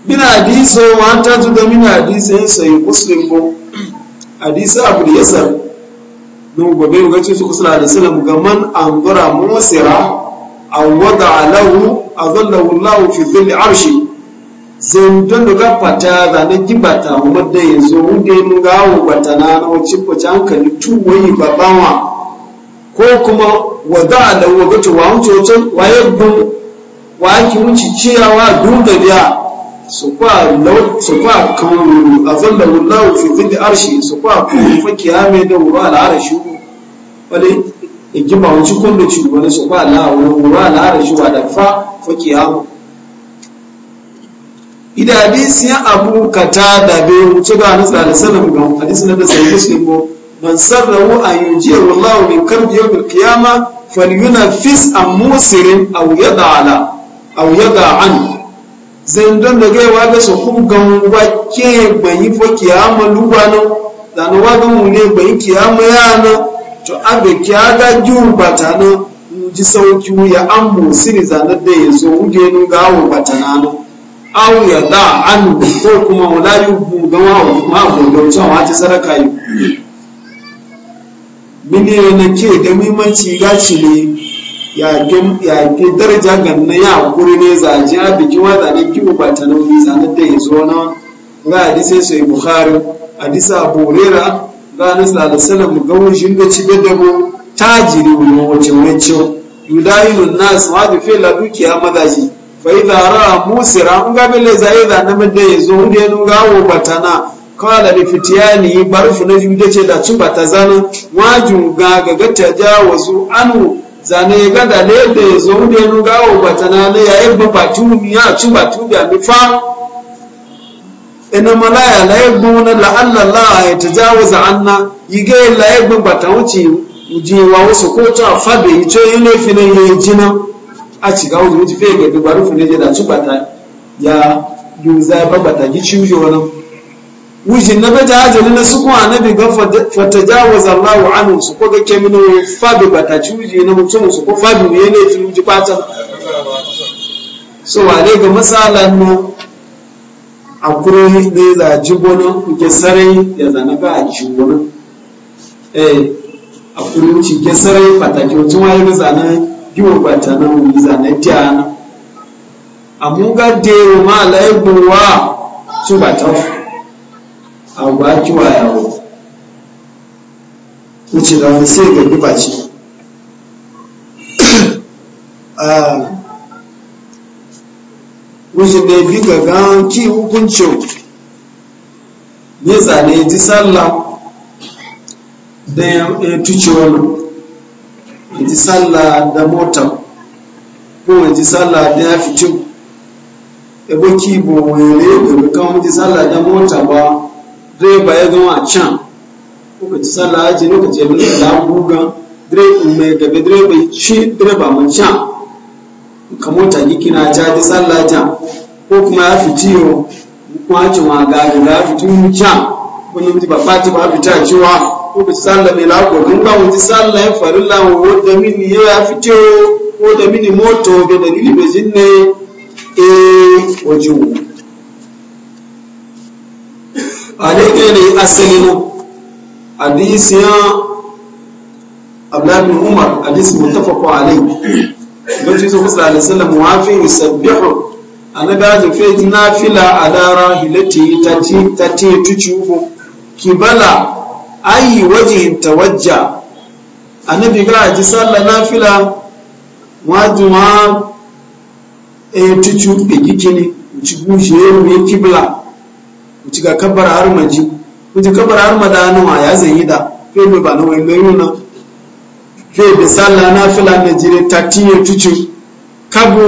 bina hadiso wa ta tuga min hadisi sai muslim bo hadisi abu da yasar nun gobe ga cin su kusura da salam ga man gura musira an wada lahu azallahu wallahu fi dhilli arshi zandon da gafata da na gibata da yanzu wanda ya nuga wa bata na wacce kwace hankali tuwayi babawa ko kuma wada da wagata wa wuce wucen waye gun wa ake wuce ciyawa dun da biya su kwa kawo a zalla wallahu fi zilli arshi su kwa kuma fa kiyame da wura ala arshi wale igima wuci kullu ci wani su kwa ala wuro ala arshi wa da fa fa kiyame ida hadisi ya abu kata da be wuce ga hadisi da sallam ga hadisi na da sai muslim ko man sarrahu an yuji wallahu min karbi yawm al-qiyamah falyunafis am musirin aw yada ala aw yada anhu zendon da gai waga su ku gangwa ke gbanyi fo kiyama lugwano zanu waga mu ne gbanyi kiyama yana to abe kiyaga jun batana ji sauki ya mu siri zanar da ya zo wuje ga awon batana no aw ya da an ko kuma wala yubu ga ma ma ko don ta wata saraka yi mini ne ke da muhimmanci gaci ne ke daraja ganna ya hakuri ne zaje a biki wata ne kiwo ba ta nauyi zanen da ya zo na ga disai sai bukhari borera ga hurairah ranar salam gawon shi da ci da mu tajiri wani wacce wacce yudayinu nas wa bi fi la dukiya madaji fa zara a musira an ga bele zai da ya madda yazo unde nu ga wo batana kala li fitiyani barfi na jude ce da ci bata zana wajin ga ga ga anu zane ga da le de zo de nu ga o batana le ya ebo batu mi ya chu batu bi ami fa ina malaya la ebo na la alla la ya tajawaza anna yige la ebo batawu ci uji wa su ko to fa afabe ito yin le fi na ye jina a ci ga o ji fe ga bi baru fi ne da chu bata ya yuza ba bata ji ci ujo wannan wujin na baja ajali na suku annabi ga fatajawaza Allahu anhu su ko ga kemino fadu bata cuji na mutum su ko fadu ne ne tuji fata so wale ga misalan no akure ne za jibono ke sarai ya zana ga jibono eh akure wuce ke sarai fata ke wuce wani ga zana giwa bata na wuri zana tiya na ga de ma laibin wa su bata agwa kiwa yawo wuce da wani sai ah, ga baci wuce da bi ga gan ki hukunci ne zane ji sallah da ya tuce wani ji sallah da mota ko ji sallah da ya fi cin ebo wani ne ga kan ji sallah da mota ba direba ya zama a can ci sallah haji ce abin da ya guga direba mai gabe direba shi direba mun can ka mota giki na ja ji sallah can ko kuma ya fi ciyo kuma ci ma ga da ya fi ciwo can wani ji ba ci ba fita cewa ci sallah mai lagorin ba wani sallah ya faru lawo da mini ya fi ko da mini moto da dalili bai zinne eh wajen alege ne asalin hadisiyan abdullahi umar hadisi mutafaku alai don ci su musa da sallam wafi yusabbihu annabi ajin fe nafila adara hilati tati tati tuchu kibala ayi wajihin tawajja annabi ga ji sallah nafila wajuma e tuchu ikikini ci gushe mu kibla uci ga kabar harma ji uci kabar harma da nuwa ya zanyi da febe ba na wani layu na febe sallah na fila na jire tatti ya tuci kabo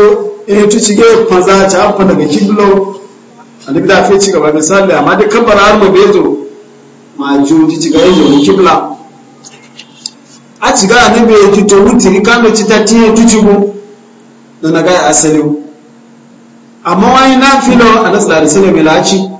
ya e tuci ga fanza ta amfa daga kiblo annabi da fe ci gaba da sallah amma da kabar harma bai zo ma ji ci ga yanzu kibla a ci ga annabi ya tuto wutiri kano ci tatti ya tuci go na naga asali amma wani na filo a nasarar mai ci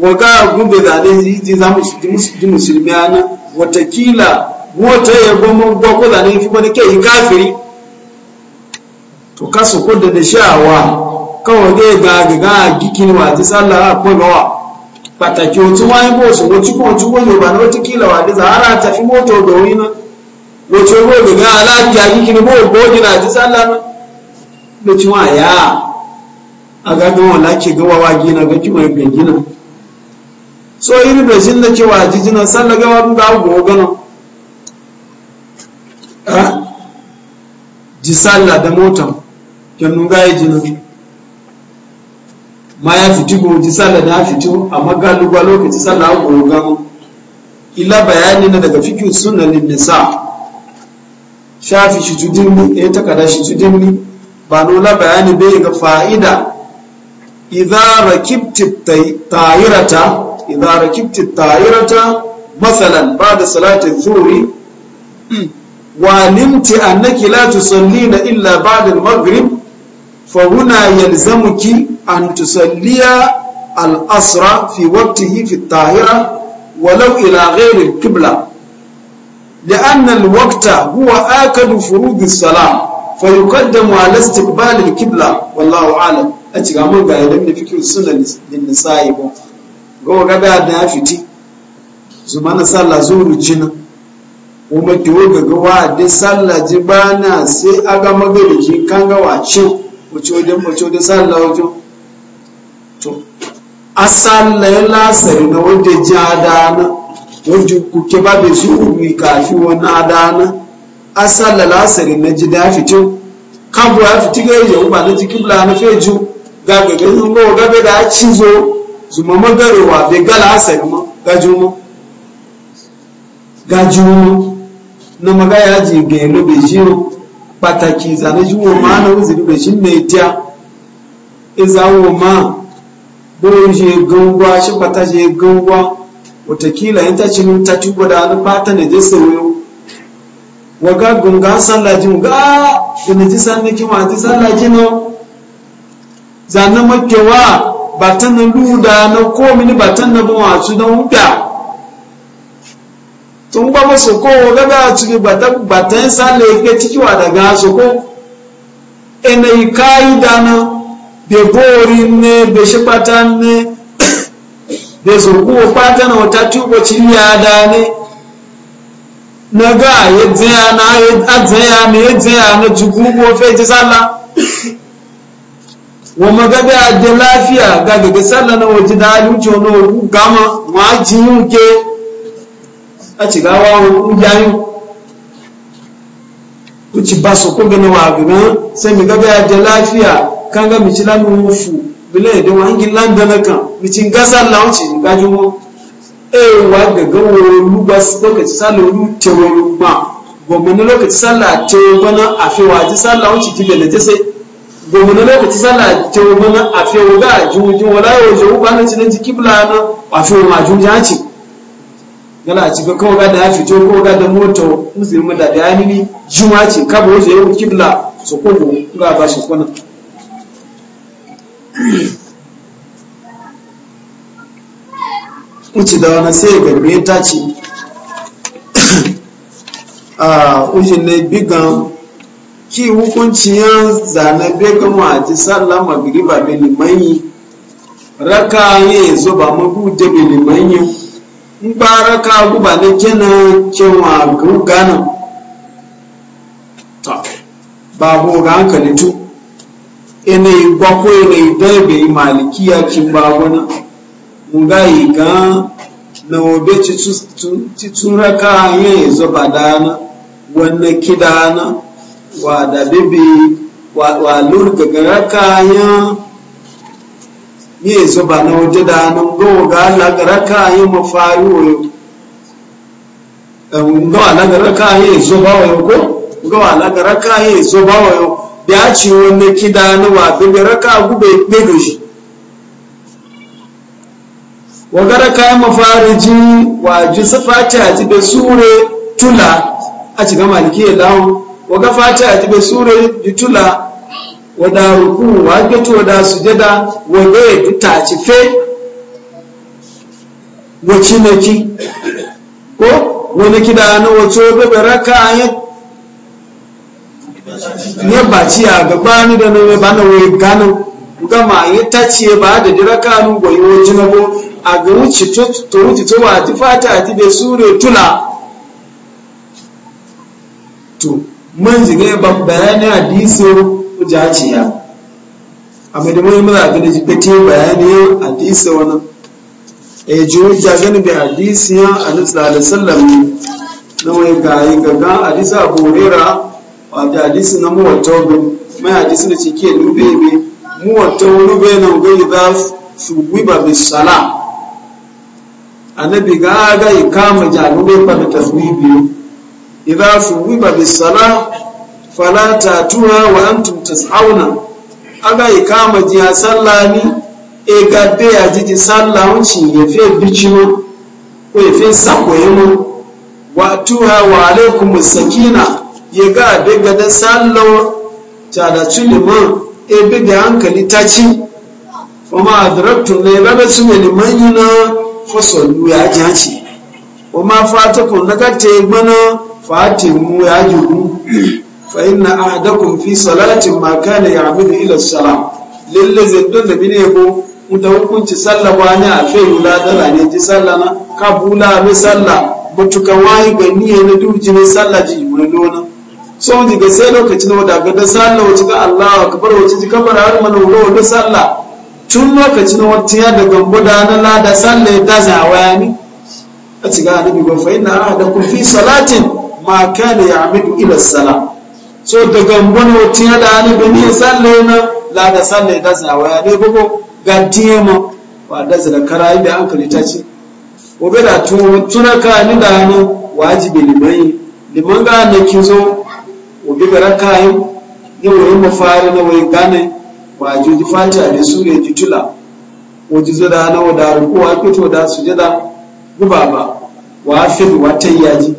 waga gube da dai yi ji za mu ji musulmi watakila wata ya goma gwakwa da fi wani ke yi kafiri to kasu kudu da wa ka dai ga gaga a gikin wa ji sallah a kwagawa pàtàkì ohun tí wọ́n ń bò ṣòro tí ba na watakila yorùbá ní ó ti kílọ̀ wà ní sahara tàfi mọ́tò obìnrin náà lótú owó a gikin ayíkiri bó gbóòjì náà gina ga gina? so iri bai shi da cewa jijina san daga ɗin da abu gano a salla da motan nuga ya jinin ma ya fiti ko salla da ya fito amma galuba lokaci salla abu gano ila bayani na daga fikin sunanin nisa shafi shi tudinni ya eh, takada shi tudinni ba nuna bayani bai ga fa'ida idza rakibti tayirata idza rakibti ta'irata masalan ba'da salati dhuhri wa alimti annaki la tusallina illa ba'da al-maghrib fa huna yalzamuki an tusalliya al-asra fi waqtihi fi at-tahira walau ila ghayri al-qibla لأن الوقت هو آكد فروض الصلاة فيقدم على استقبال القبلة والله أعلم أتي عمر قال لم السنة للنساء gowa gaba ya da fiti su mana sallah zuru jina kuma ki woga gawa da sallah ji bana sai aga magana ki kan gawa ci wace wajen wace wajen sallah wajen to asalla ya lasari na wanda ji adana wanda kuke ba da su umi kafi wani adana asalla lasari na ji da fito kabu ya fiti ga yau ba na ji kibla na feju gagaga sun gowa gaba da cizo zuma magarowa bai gala asali ma ga juma ga juma na magaya ji ga yi lobe shi ne pataki zane shi wo ma na wuzi lobe shi ne tiya iza wo ma bori shi gangwa shi pata shi gangwa watakila yin ta cinin ta tuba da wani pata ne je Wa waga gunga sallah ji mu ga da na ji sallah ji ma ji sallah ji no zane makewa batan na luda na komini batan na mawaci na wuta tun ba masu kowa daga a batan sale ga cikiwa daga su ko ina yi kayi dana da bori ne da shi bata ne da su kuwa bata na wata tuba ciliya da ne na ga ya zaya na ya zaya na ya na jugu ko fe ji sallah wa magabe a da lafiya ga gaga sallah na waje da hali wuce wani wani gama ma ji yin ke a ci gawa wani yayin wuce ba su koga na wagaga sai mi gabe da lafiya kan ga mici lamu wufu bile da wangin landana kan mici gasa launci gajin wani ewa gaga wani lugba lokaci sallah wani tewa lugba gwamnati lokaci sallah tewa bana a fi waje sallah wuce jibe da ta sai domin lokaci sana ce wani a fiye wuga a jujin wala yau je wuba na cinin jiki na a fiye ma jujin ce gana a cikin kawo gada ya fito kawo gada mota musulmi da da yanini juma ce kaba wajen yau kibla su kogo ga ba shi kwanan uci da wani sai garbe ta ce a ujin na bigan ki hukunciyar zane bai kama a ji sallah magriba bai limanyi raka ya zo ba magu da bai limanyi in ba raka ba na kenan kewa gana ta ba ko ga hankali tu ina yi gbako ina yi dai bai ya kin ba wani mun ga yi gan na obe titun raka ya zo ba dana wannan kidana wa da bibi wa lur gagara kayan yi ba na waje da nan gawa ga Allah gara kayan mafari wayo gawa na ya kayan zuba wayo ko gawa na gara kayan zuba wayo ya ce wani kida na wa bibi raka gube da shi wa gara kayan mafariji wa ji sufa ci a ji da sure tula a cikin malikiyar lawon waga fata a jibe sura yitula wada ruku wa geto wada sujada wada ta ci fe wace ne ki ko wani da na wato bebe raka ya ne ba ci a gaba ni da ne ba bana wai gano gama ya tace ba da dira kanu goyi wajen nabo a ga wuce to wuce to ba ji fata a jibe sura tula to man jiga ban bayani hadiso jaciya amma da mai mura ga ji fete bayani hadiso wannan eh ji hujja gani bi hadisi ya annabi sallallahu alaihi wasallam na mai gayi gaga hadisi abu hurairah wa da hadisi na muwatta mai hadisi da cike lube be muwatta lube na ugayi da su gwiba bisala annabi ga ga ikama jalube fa tasbibi idza suwiba bis sala fala tatuha wa antum tas'auna aga ikama jiya sallani ni e gadde ya jiji sallah unci ya fe bicino ko ya fe sakoyimo wa tuha wa alaikum sakina ya ga daga da sallah ta da tuliman e bi da hankali ta ci kuma adraktum ne ba su ne liman yana fasallu ya ma fa ta kun na ka te gbana فاتموا ya juhu فإن أحدكم في fi salatin كان يعبد إلى ila للذي lalle zindon da bine ko muta hukunci sallah ba ne a fe yula dala ne ji sallah na kabula mi sallah wayi ga niyya na duji ne sallah ji wani lona so ji ga sai lokacin da da Allahu akbar kabar har tun lokacin wata ya gambo na lada sallah ya daza a ci ga annabi ba na inna ahadakum fi salatin ma kana amidu ila sala so daga mbono tiya da ani be ni salle na la da salle da sa waya ne gogo ga tiyemo wa da zala karai da hankali ta ci gobe da tuna ka ni da ni wajibi limai liman ga ne kizo gobe baraka yi ni wuri fara na wai gane wa ji fata da sure jitula wajizo da na wadarin ko a fito da sujada gubaba wa fi wa tayyaji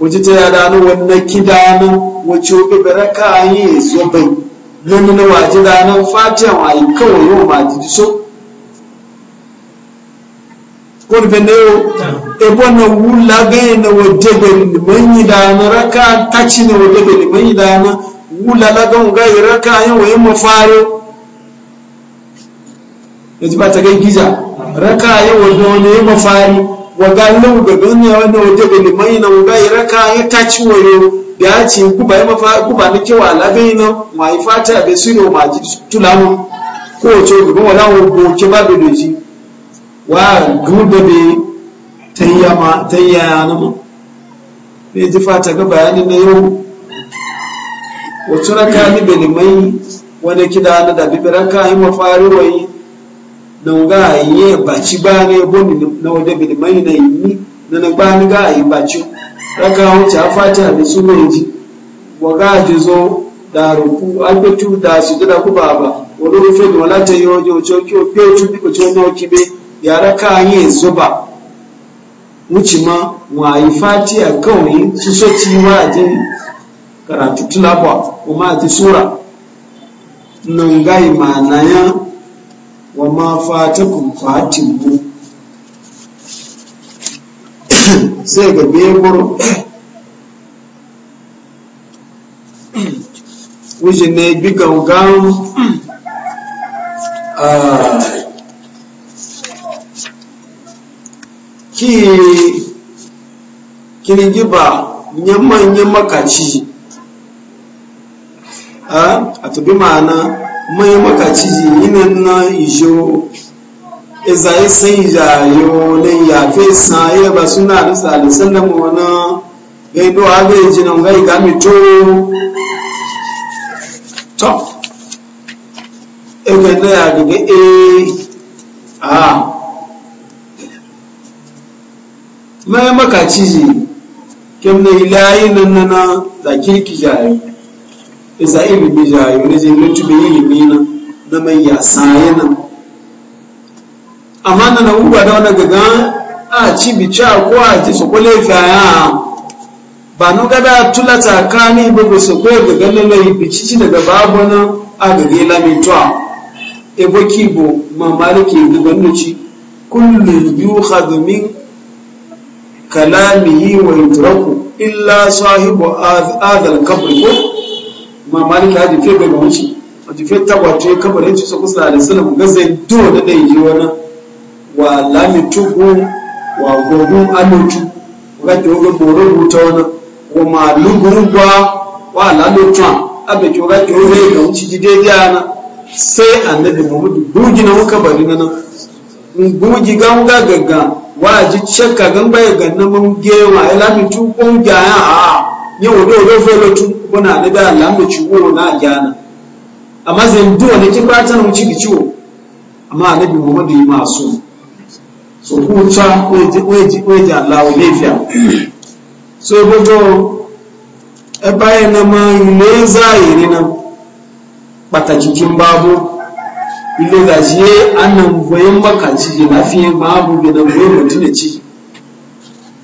waje ta yada ni wannan kidanin wace obi baraka yi ya zo bai nemi na waje ranar fatiya a yi kawai yau ma ji so ko da ne yau ebo na wula gaya na waje bai manyi yi dana raka taci na waje bai manyi yi dana wula la gan gaya raka yi wa yi ma ya ji ba ta gai giza raka yi wa wani yi mafari waga ina muga dunya wanda waje ga limai na muga iraka ya taci wayo ya ci kuba ya mafa kuba ni kewa labe ina ma ifata be sino ma ji tulamu ko to ga wala wo bo ke ba be doji wa gube be tayyama tayyana mu be ji fata ga bayani na yau wato raka ni be limai wanda kida na da ka yi mafari wayi na ga yi baci ba ne boni na wajen bin mai na yi na na ba ni ga yi baci raka wuce a fata da su mai ji wa ga ji zo da ruku an fitu da su da ku baba. ba wani rufe wala ta yi wajen wuce ki o pe tu biko ci wani oki be ya raka yi zuba wuce ma wa yi fati a kawai su so ci wa a jin karatu tulaba kuma a ji sura nan ga yi ma ma'anayan wa ma fatakum mu. sai ga bebur wuce ne bi gangan a ah, ki kirgiba nyamman yamakaci a ah, tabi ma'ana mai makaci yinan na ijo iza yi san jayo le ya fe san ya ba suna da sali sallan wana a do ji jinan gai ga mi to to e ga da ya daga e a mai makaci kem na ilayi nan na da kirki jayo isa ilimi jayo ne je ilimi na na mai yasa yana amma na na uba da wani gaga a ci bici a ko a ji su kule fiya ba nu gada tula tsakani ba ba su kule gaga lalai bici ci daga babu na a gaga ilami tuwa ebo kibo mamari ke gaga nuci kullum biyu hadumin kalamihi wa yutraku illa sahibu adal kabri ko imam malik ya jefe ga wuce a jefe tabbace kamar yanci su kusa da suna ga zai do da da yi wani wa lamitu ko wa gogo alotu ga da ga boro wani wa malungun gwa wa lalotu abe ki ga ki rubuta ga wuce jide gana sai annabi muhammadu bugi na muka bari na nan bugi ganga gaga wa ji shakka gan bai ga nan mun gewa lamitu ko ga a yau do do felotu kuna ni da Allah mu ciwo na gyana amma zan duwa ne ki bata mu ci ciwo amma annabi Muhammadu yi masu so ku ta oje oje oje Allah o lefiya so gogo e baye na ma ile zaire na pàtàkì kin babu ile da je annan goyen makaci ji lafiya babu gidan goyen mutune ci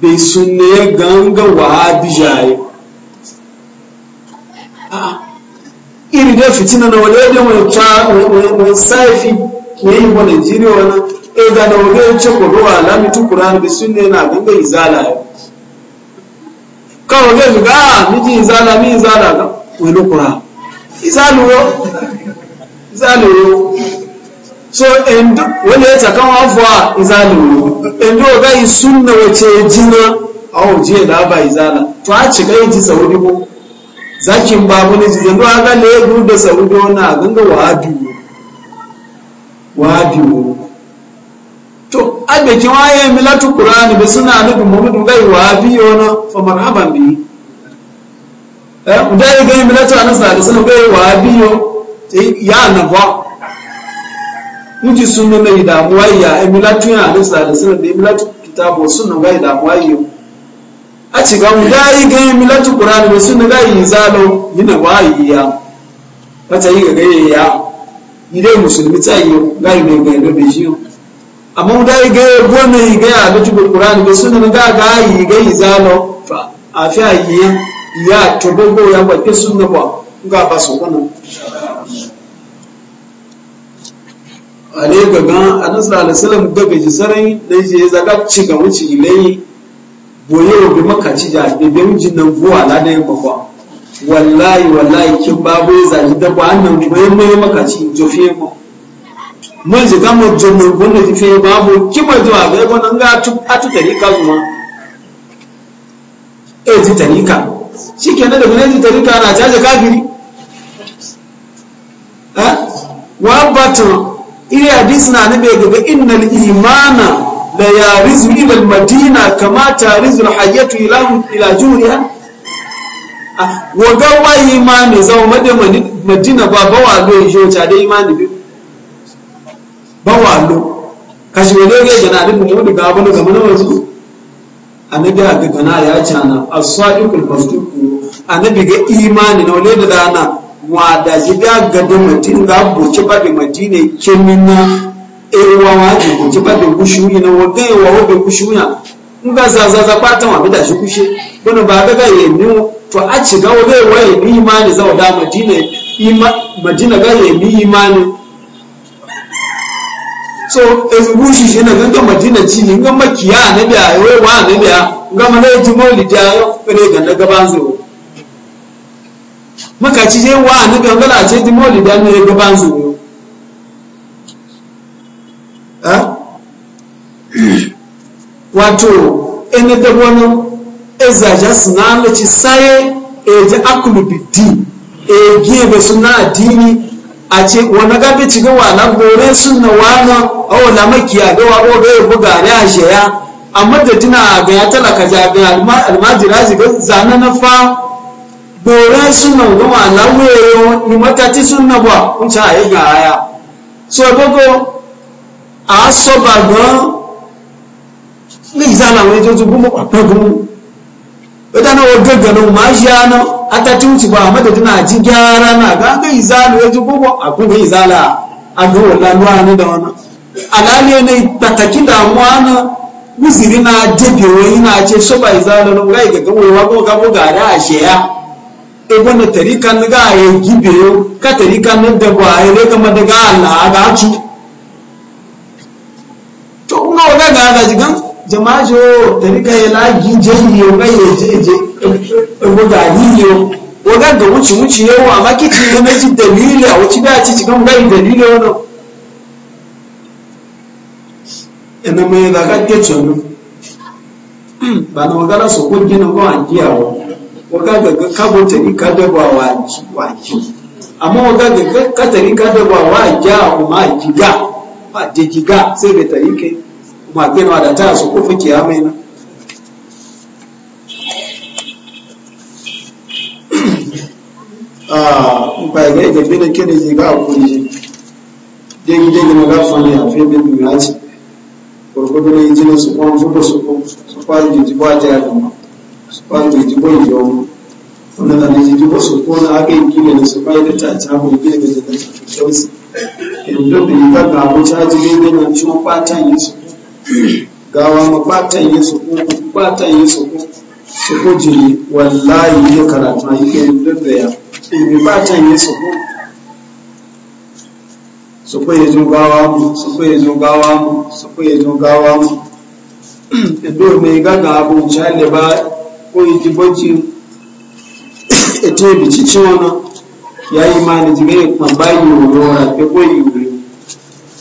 bai sunne gangan wahabi jaye iri dai fitina na wale da wani saifi ke yi wa nigeria wani ega da wale ce ko ruwa alami tukura da sun ne na ganga izala yau kawo zai shiga a miji izala mi izala ga wani lokura izaluwo izaluwo so endo wani ya tsakan afuwa izaluwo endo ga yi sunna wace jina a wajen da ba izala to a cika yi ji saudi ko zakin babu ne ji yanzu aga gane ya gudu da da wani abin ga wahabiyo wahabiyo to abe ki waye milatu qur'ani bi suna nabi muhammadu gai wahabiyo na fa marhaban bi eh udai gai milatu anasa da suna gai wahabiyo eh, ya na ba muji sunna na da ya eh, milatu ya anasa da suna da milatu kitabu sunna gai da yau a ci ga gayi gayi milatu suna da sunna yi zalo yana wayi ya wata yi ga yi ya dai musulmi yi gayi ne gayi da bishi amma gayi yi gona yi gayi a lutu suna da sunna ga gayi zalo a fi ayi ya to ya ba suna sunna ba ga ba su kana ale gaga annabi sallallahu alaihi wasallam gabe ji sarai dai je zaga ci ga wuce ilayi boye bi makaci da bebe mijin buwa na da yamma kwa wallahi wallahi kin babu ya zaji da ba annan boye mai makaci jofe mu mun ji ga mu jo da bunne ji fe babu kima zuwa ga ko nan ga tu atu tarika kuma eh ji tarika shikenan da bunne ji tarika na jaje kafiri ha wa batun iri hadisi na nabi ga innal imana la yarizu ila almadina kama tarizu alhayatu ila ila juriha ah, waga gawa imani zaw made madina ba bawa lo yo ta da imani bi bawa lo kashi wele ga jana da mu da gaba da gaba na wasu annabi ga gana ya cana as-sadiqul masduq annabi ga imani na wale da dana wa da jiga ga madina ga boci ba de madina kemina ewa wa waje ko ki shu kushuyi na wa waga ewa wabe kushuya in ga zazaza kwatan wa bida shi kushe wani ba ga ga yemi to a ci ga waga ewa yemi za wa da madina ima madina ga yemi imani so ezugushi shi na ganga madina ci ni ga makiya e na biya e ewa na biya ga mana ji maulidi ayo kare ga na gaban zuwa makaci je wa na gangala ce ji maulidi ne gaban e zuwa wato ene da wani ezaja suna ci. saye eji akulubi di e gibe suna addini a ce wani gabi ciga wala gore suna wani na makiya ga wa obe buga ne a shaya amma da dina ga ya talaka ja ga almajira ji zane na fa gore suna ga wala weyo ni matati suna ba kun a yi ga aya so gogo a so ba gan ní ìsáàlà àwọn ẹjọ́ tó gúnmọ̀ pàpẹ́ gúnmọ̀ ó dáná wọ gẹ́gẹ̀rẹ́ ma ṣe áná atátí ti bá àmọ́tẹ̀tẹ̀ náà jí gáárá náà gángẹ́ ìsáàlà ẹjọ́ gúnmọ̀ àkúnmọ̀ ìsáàlà agawọ̀ lálọ́ ní pàtàkì náà jẹ́bi náà wọ́n wá àṣẹ yá na tarika na ga aye ka na da ba aye ne daga Allah jama'a jo da rika ya lagi jeyi yo ga ya je je ko e, e, e, ga ni yo ko ga ga wuci wuci yo amma kici ne na ji dalili a wuci da ci cikin ga dalili wannan ina mai da ga ke tsoro ba na magana su ko gina ko an giya wa ko ga ga ka bo ta rika da ba wa ji wa ji amma ko ga ga ka ta rika da wa ja amma ji ba ji ga sai da tarike ma ke da ta su kufu fuki amai na a ba ga ga bin ke ga ku den den na ga ne a fe bin ya ci gurgudu ne jini su kwan zuba su su kwan a da ma su kwan jijibo yi yawon wannan da su na aka yi ne da su kwan da ta ci hamu gina da ta ci kyausi yanzu yi ta gabu ta ji ne da na ciwon kwatan yi su gawa ma batan yi su ko batan yi su ko su ko jiri wallahi ya karatu yi ke da ya bi batan yi su ko su ko yi zo gawa mu su ko yi zo gawa mu su ko yi zo gawa mu ido mai gaga abu chale ba ko yi jiboci ete bi cici wana ya yi ma ni jigai bayi wa gora pe ko yi